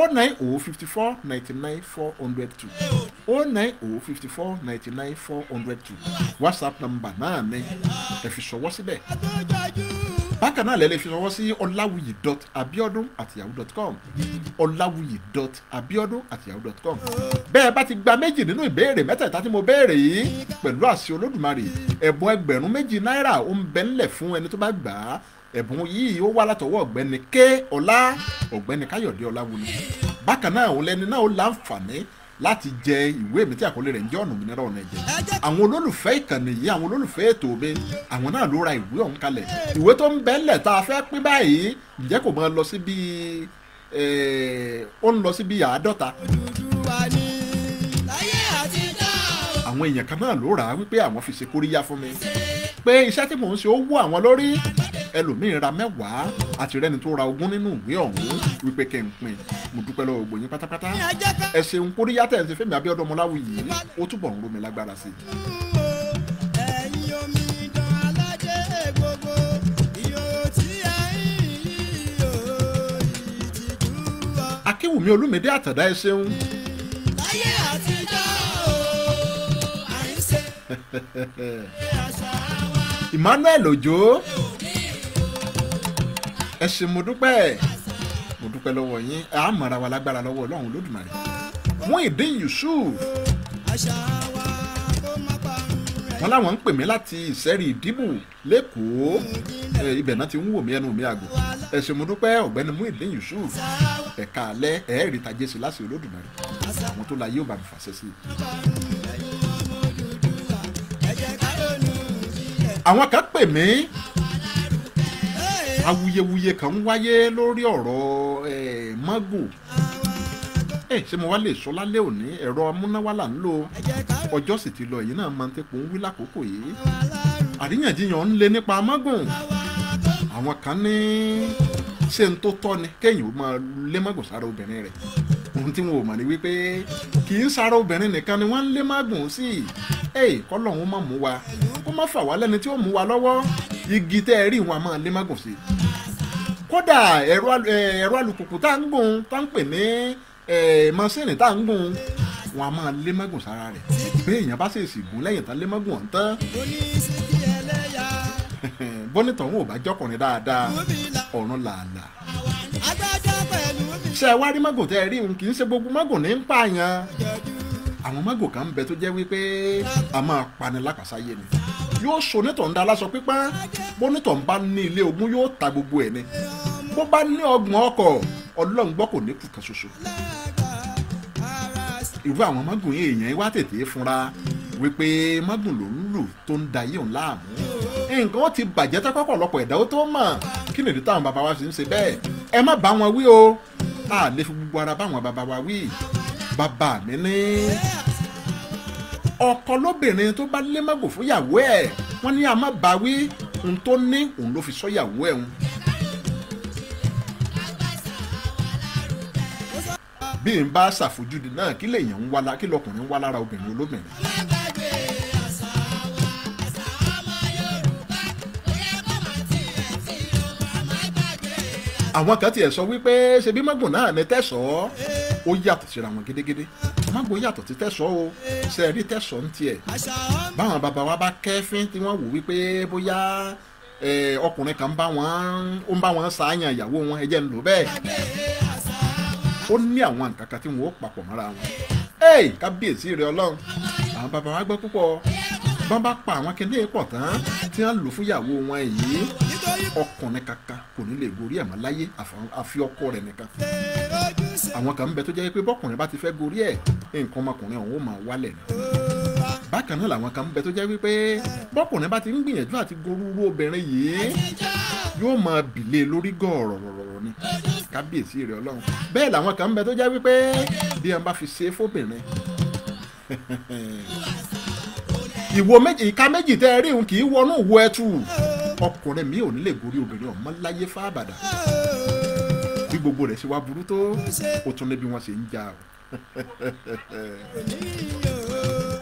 o oh nine o oh fifty four ninety nine four hundred two o oh nine o fifty four ninety nine four hundred two whatsapp nọ́mbà náà ni ẹ fi ṣọwọ́ síbẹ̀ bákan náà lẹ́lẹ́ fi ṣọwọ́ sí ọláwùyí dot abiodun àti yahoo dot com ọláwùyí dot abiodun àti yahoo dot com bẹ́ẹ̀ bá ti gba méjì nínú ìbéèrè mẹ́tẹ̀ẹ̀ta tí mo béèrè yìí pẹ̀lú àṣẹ olódùmarè ẹ̀bùn ẹgbẹ̀rún méjì náírà ó ń bẹ ńlẹ̀ fún ẹni tó bá gbà á ẹ̀bùn yìí ó wá látọwọ́ ọ̀gbẹ́ni ké ọlá ọ̀gbẹ́ni káyọ̀dé ọláwùlú bákan náà òun lẹni náà ó láǹfààní láti jẹ ìwé mi tí àkọlé rẹ̀ ń jẹ́ ọ̀nà òmìnira ọ̀nà ẹ̀jẹ̀ àwọn olólùfẹ́ ìkànnì yìí àwọn olólùfẹ́ ètò mi àwọn náà ló ra ìwé ọ̀hún kalẹ̀ ìwé tó ń bẹ́lẹ̀ tá a fẹ́ pín báyìí ǹjẹ́ kò máa lọ sí bíi ó ń lọ sí bíi àádọ́ta. ojúdúwa ni àwọn èèyàn kan náà ló rà á wípé àwọn fi ṣe kóríyá fún mi pé iṣẹ́ tí mò ń ṣe ó wú àwọn lórí ẹlòmíín ra mẹ́wàá àti rẹ́ni tó ra ogún nínú ìwé ọ̀hún wípé kẹ́ ń pin mo dúpẹ́ lọ́wọ́ gbòyìn pátápátá ẹ ṣeun kóríyá tẹ̀ ẹ́ ti Fẹ́mi Abíọ́dún Ọmọláwuyì ó túbọ̀ ń romi lágbára sí i. Akínwùmí Olúmídé Emmanuel Ojo, ẹ ṣé mo dúpẹ́ mo dúpẹ́ lọ́wọ́ yín a mọ̀ra wa lágbára lọ́wọ́ Ọlọ́run Olódùmarè Muyideen Yusuf wọn láwọn ń pè mí láti ìsẹ́rí ìdìbò lẹ́kọ̀ọ́ ibẹ̀ náà ti ń wò mí ẹnu mi àgò ẹ ṣé mo dúpẹ́ ọ̀gbẹ́ni Muyideen Yusuf ẹ̀ka alẹ́ ẹ̀ẹ́rì tajẹ́sí láti Olódùmarè àwọn tó la yóò bá mi fàṣẹ sí i. àwọn kan pè mí awuyewuye kan ń wáyé lórí ọ̀rọ̀ mago ṣé mo wá lè sọ lálẹ́ òní ẹ̀rọ amúnáwá là ń lò ọjọ́ sì ti lọ èyí náà máa ń tẹ́pọ̀ ń wí lákòókò yìí àríyànjiyàn ń le nípa mágùn àwọn kan ní ṣé n tó tọ́ ni kéèyàn ó máa lé mágùn sára obìnrin rẹ̀ ohun tí wọn ò mọ̀ ni wípé kì í sára obìnrin nìkan ni wọ́n ń lé mágùn sí ẹ̀ kọ́lọ́hún má mú wa kó má fà wá lẹ́ni tí ó mú wa lọ́wọ́ igi tẹ́ ẹ rí wọn a máa lé mágùn sí. kódà ẹ̀rọ alùpùpù tá à ń gùn tá à ń pè ní mọ́sìnì tá à ń gùn wọn a máa lé mágùn sára rẹ̀ bí èèyàn bá ṣèṣì gùn lẹ́yìn tán lé mágùn ọ̀hún tán. bọ́nìtàn wọn ò bá jọkùnrin dáadáa ọ̀run làálàá ṣe wá rí mágùn tẹ́ ẹ rí kì í ṣe gbogbo mágùn ní ń pààyàn àwọn mágò kan ń bẹ tó jẹ́ wípé a máa pani lápasáyé ni yóò so nítọ̀ ń da aláṣọ pípá bó nítọ̀ ń bá ní ilé ogún yóò ta gbogbo ẹ̀ ni bó bá ní ọgbọ̀n ọkọ̀ ọlọ́ngbọ́n kò ní kù ṣoṣo irú àwọn mágùn èèyàn wá tètè fúnra wípé mágùn ló ń lù tó ń da yíyan láàmú nǹkan ti bàjẹ́ tó kọ́kọ̀lọpọ̀ ẹ̀dá tó mọ̀ kí nìdí táwọn bàbá wa ṣe ń ṣe bẹ́ẹ̀ ẹ má bá wọn wí o a gbogbo ara báwọn bàbá wa wí bàbá mi ní. ọkọ lóbìnrin tó bá lé mágò fún yàwó ẹ̀ wọ́n ní a má bá wí ohun tó ní òun ló fi sọ yàwó ẹ̀ hun. bí n bá ṣàfojúdi náà kí lèèyàn ń wá la kí lọkùnrin ń wá lára obìnrin olóbìnrin. àwọn kan tiẹ̀ sọ wípé ṣebí mágùn náà ni tẹ́ sọ ọ́ ó yàtọ̀ síra wọn gédégédé mágbó yàtọ̀ sí tẹ̀sọ́ o ṣe rí tẹ̀sọ́ ń tiẹ̀ báwọn bàbá wa bá kẹ́fín tí wọ́n wò wípé bóyá ọkùnrin kan bá wọn ó ń bá wọn ṣàyàn ìyàwó wọn ẹ jẹ́ ń lò bẹ́ẹ̀ ó ní àwọn nǹkan tí wọn ó papọ̀ mọ́ra wọn. ẹ́ẹ̀ kábíyèsí rẹ ọlọ́run àwọn bàbá wa gbọ́ púpọ̀ bọ́n bá pa àwọn akẹ́lẹ́ pọ̀ tán tí wọ́n lò fún ìyàwó wọn yìí ọkùnrin kankan kò ní lè gorí ẹ̀ mọ́ láyé àfi ọkọ rẹ̀ nìkan àwọn kan ń bẹ tó jẹ́ pé bọ́kùnrin bá ti fẹ́ gorí ẹ̀ nǹkan ọmọkùnrin ọ̀hún ó máa wálẹ̀ ni bákan náà làwọn kan ń bẹ tó jẹ́ wípé bọ́kùnrin bá ti ń gbìyànjú àti gorúurú obìnrin yìí yóò máa bìlé e lórí gọ̀ọ̀rọ̀rọ̀rọ̀ ni kábíyèsí rẹ̀ ọlọ́run bẹ́ẹ̀ làwọn kan ń bẹ tó jẹ́ wípé bí wọn bá fi ṣe é fóbìnrin ìwo méjì ìka méjì tẹ́ ẹ rí òun kì í wọnú ìwo ẹtù ọkùnrin mi ò ní lè gorí obìnrin ọmọ láyé fábàdà bí gbogbo rẹ̀ ṣe wá burú tó ó tún ní bí wọ́n ṣe ń jà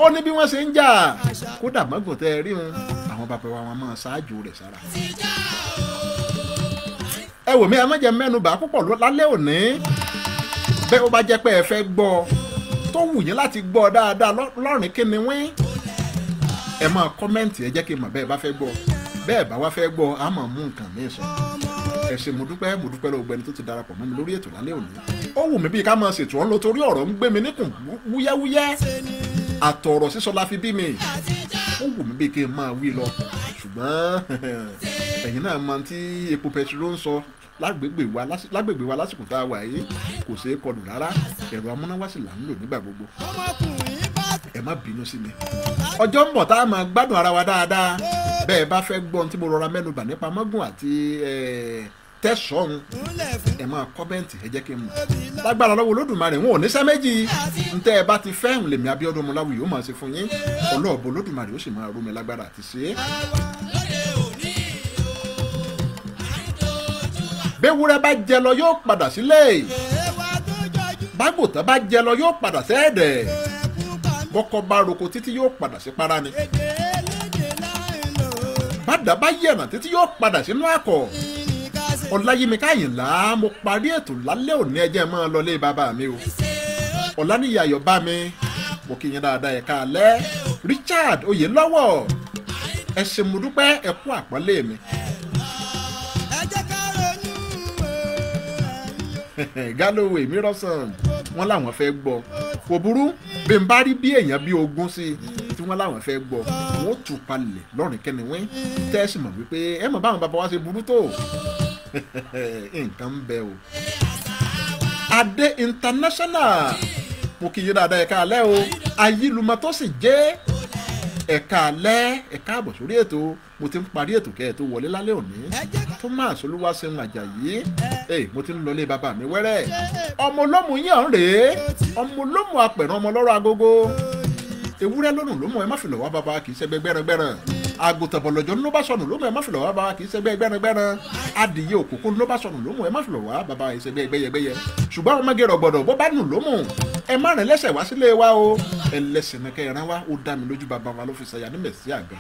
ó ní bí wọ́n ṣe ń jà kódà mọ́gàn tẹ́ ẹ rí òun àwọn bàbá wa wọn máa ṣáájú rẹ̀ sára ẹ wò mí ẹ má jẹ mẹ́nu bá púpọ̀ lálẹ́ òní bẹ́ẹ̀ ó bá jẹ́ pé ẹ fẹ́ gbọ́ tó wù yín láti gbọ́ dáadáa lọ́rìn kí ni wín ẹ máa kọ́mẹ́ǹtì ẹ jẹ́ kí n mọ̀ bẹ́ẹ̀ bá fẹ́ gbọ́ bẹ́ẹ̀ bá wá fẹ́ gbọ́ a máa mú nǹkan mi sọ ẹ ṣé mo dúpẹ́ mo dúpẹ́ lọ́wọ́ ẹni tó ti darapọ̀ mọ́ mi lórí ètò lálẹ́ òní ó wù mí bíi ká máa ṣètò ọ́n lọ torí ọ̀rọ̀ ń gbé mi níkùn wúyẹ́wúyẹ́ àtọ̀rọ̀ sísọ la fi bí mi ó wù mí bíi kí n máa wí lọ ṣùgbọ́n ẹ̀yin náà mọ tí epo pẹtiró ń sọ lágbègbè wa lásìkò tá a wà yìí kò ṣeé kọlù rárá ẹ̀rọ amúnáwá sì là ń lò nígbà gbogbo ẹ má bínú sí mi. ọjọ́ ń bọ̀ tá a máa gbádùn ara wa dáadáa bẹ́ẹ̀ bá fẹ́ gbọ́ ohun tí mo rọra mẹ́nu bà nípa mọ́gùn àti tẹ̀sán ẹ máa kọ́mẹ́ǹtì ẹ jẹ́ kí n mọ̀. lágbára lọ́wọ́ olódùmarè ń wò níṣẹ́ méjì ntẹ́ ẹ bá ti fẹ́ ń lèmi Abíọ́dún Ọmọláwuyì yóò máa ṣe fún yín ọlọ́ọ̀bù olódùmarè ó sì máa rú mi lágbára àti ṣe é. béwúrẹ́ bá jẹ lọ yóò padà sílé bágbòtà bá jẹ lọ yóò padà sẹ́ẹ̀dẹ̀ bọ́kọ́ bá roko títí yóò padà sí para ni. bàdà bá yẹ̀nà títí yóò padà sínú àkọ̀. ọláyímíkà àyìnlá mo parí ètò lálẹ́ òní ẹjẹ́ máa lọlé bàbá mi o. ọ̀làníyì ayọ̀ bá mi mo kí yín dáadáa ẹ̀ka alẹ́ Richard oyèlọ́wọ̀ ẹ ṣé mo dúpẹ́ àpọ́nlé mi. Galloway Mirasan wọ́n làwọn fẹ́ gbọ́ kò burú bí n bá rí bí èèyàn bí ogún sí i tí wọ́n làwọn fẹ́ gbọ́ wọ́n tù palẹ̀ lọ́rìn kẹ́niwín tẹ́sí mọ̀ wípé ẹ mọ̀ báwọn bàbá wa ṣe burú tó nǹkan bẹ o. adé international mo kì í yí dáadáa ẹ̀ka alẹ́ o ayélujára tó sì jẹ́ ẹ̀ka alẹ́ ẹ̀ka àbọ̀ sórí ètò mo ti ń parí ètò kẹ́ ẹ̀ tó wọlé lálẹ́ òní Thomas Olúwaṣeun Àjàyí ee mo ti ń lọlé bàbá mi wẹ́rẹ́ ọmọ olómù yín ọ̀hún rèé ọmọ olómù apẹ̀rẹ̀ ọmọ ọlọ́rọ̀ agogo ewúrẹ́ lónù ló mú ẹ má fi lọ̀ wá bàbá kì í ṣẹgbẹ́ gbẹ́rangbẹ́ran àgùntàn bọ̀lọ̀jọ̀ ló bá sọnù ló ẹ má fi lọ̀ wá bàbá kì í ṣẹgbẹ́ gbẹ́rangbẹ́ran adìyẹ òkùnkùn ló bá sọnù ló ẹ má fi lọ̀ wá bàbá kì í ṣẹgbẹ́ gbẹ́yẹgbẹ́yẹ ṣùgbọ́n ọmọge rọ̀gbọ̀dọ̀ bó bá nù ló ẹ má rìn lẹ́sẹ̀ wá sílé wa o ẹlẹ́sìn ní kẹrin wa ó dá mi lójú bàbá wa ló fi ṣàyà ní mẹ̀sí àgbà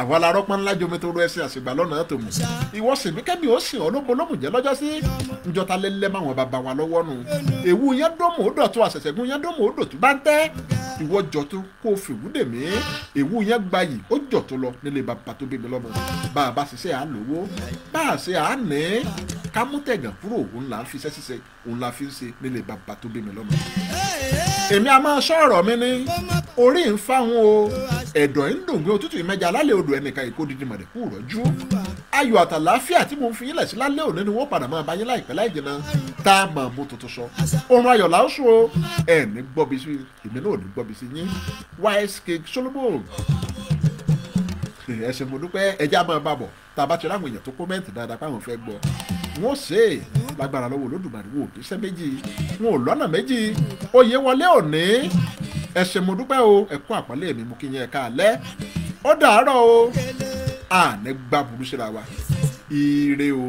àwa la rọ́pọ́n ńlá jomi tó rọ ẹsẹ̀ àṣìgbà lọ́nà tó mù ìwọ sì mí kẹ́mi ó sì ọ́ lóko lóko jẹ́ lọ́jọ́ sí njọta lẹ́lẹ́ máwọn bàbá wa lọ́wọ́ nù èwu yẹn dọ́mọ̀ ó dọ̀tún àṣẹ̀ṣẹ̀gún yẹn dọ́mọ̀ ó dọ̀tún bá ń tẹ́ ìwọ jọ̀tú kó o fìwú dè mí èwu yẹn gbayì ó jọ̀tún lọ nílé bàbá tó bí mi lọ́mọ bá a bá ṣiṣẹ́ à lówó bá ṣe à ní kámútẹ̀gàn òun là ń fi iṣẹ́ òun la fi ń ṣe nílé bàbá tó bí mi lọ́mọ. èmi a máa ṣọ́ ọ̀rọ̀ mi ní orí ń fáwọn o ẹ̀dọ̀ ń dùn gbé òtútù ìmẹ́jà lálẹ́ odò ẹnìkan èkó dídì mọ̀dẹ̀ kú rọ́jú. ayọ̀ àtàláfíà tí mo fi yín lẹ̀ sí lálẹ́ òní ni wọ́n padà máa bá yín láìpẹ́ láì jìnnà tá a máa mú tuntun sọ. oorun ayọ̀ là ń sùn gbọ́bi sí èmi náà ní gbọ́bi sí yín wise cake solomon ẹ ṣé mo dúpẹ́ ẹjẹ́ a máa bá bọ̀ tá a bá ti ráwọn èèyàn tó kọ́mẹ́ǹtì dáadáa páwọn fẹ́ gbọ́ wọn ṣe é lágbára lọ́wọ́ olódùmarè wọn ò díṣẹ́ méjì wọn ò lọ́nà méjì oyè wọlé òní ẹ mo dúpẹ́ o ẹ kú àpọ́nlé mi mú kí yẹn ká alẹ́ ó dàárọ̀ o àná gbà burú síra wa ire o.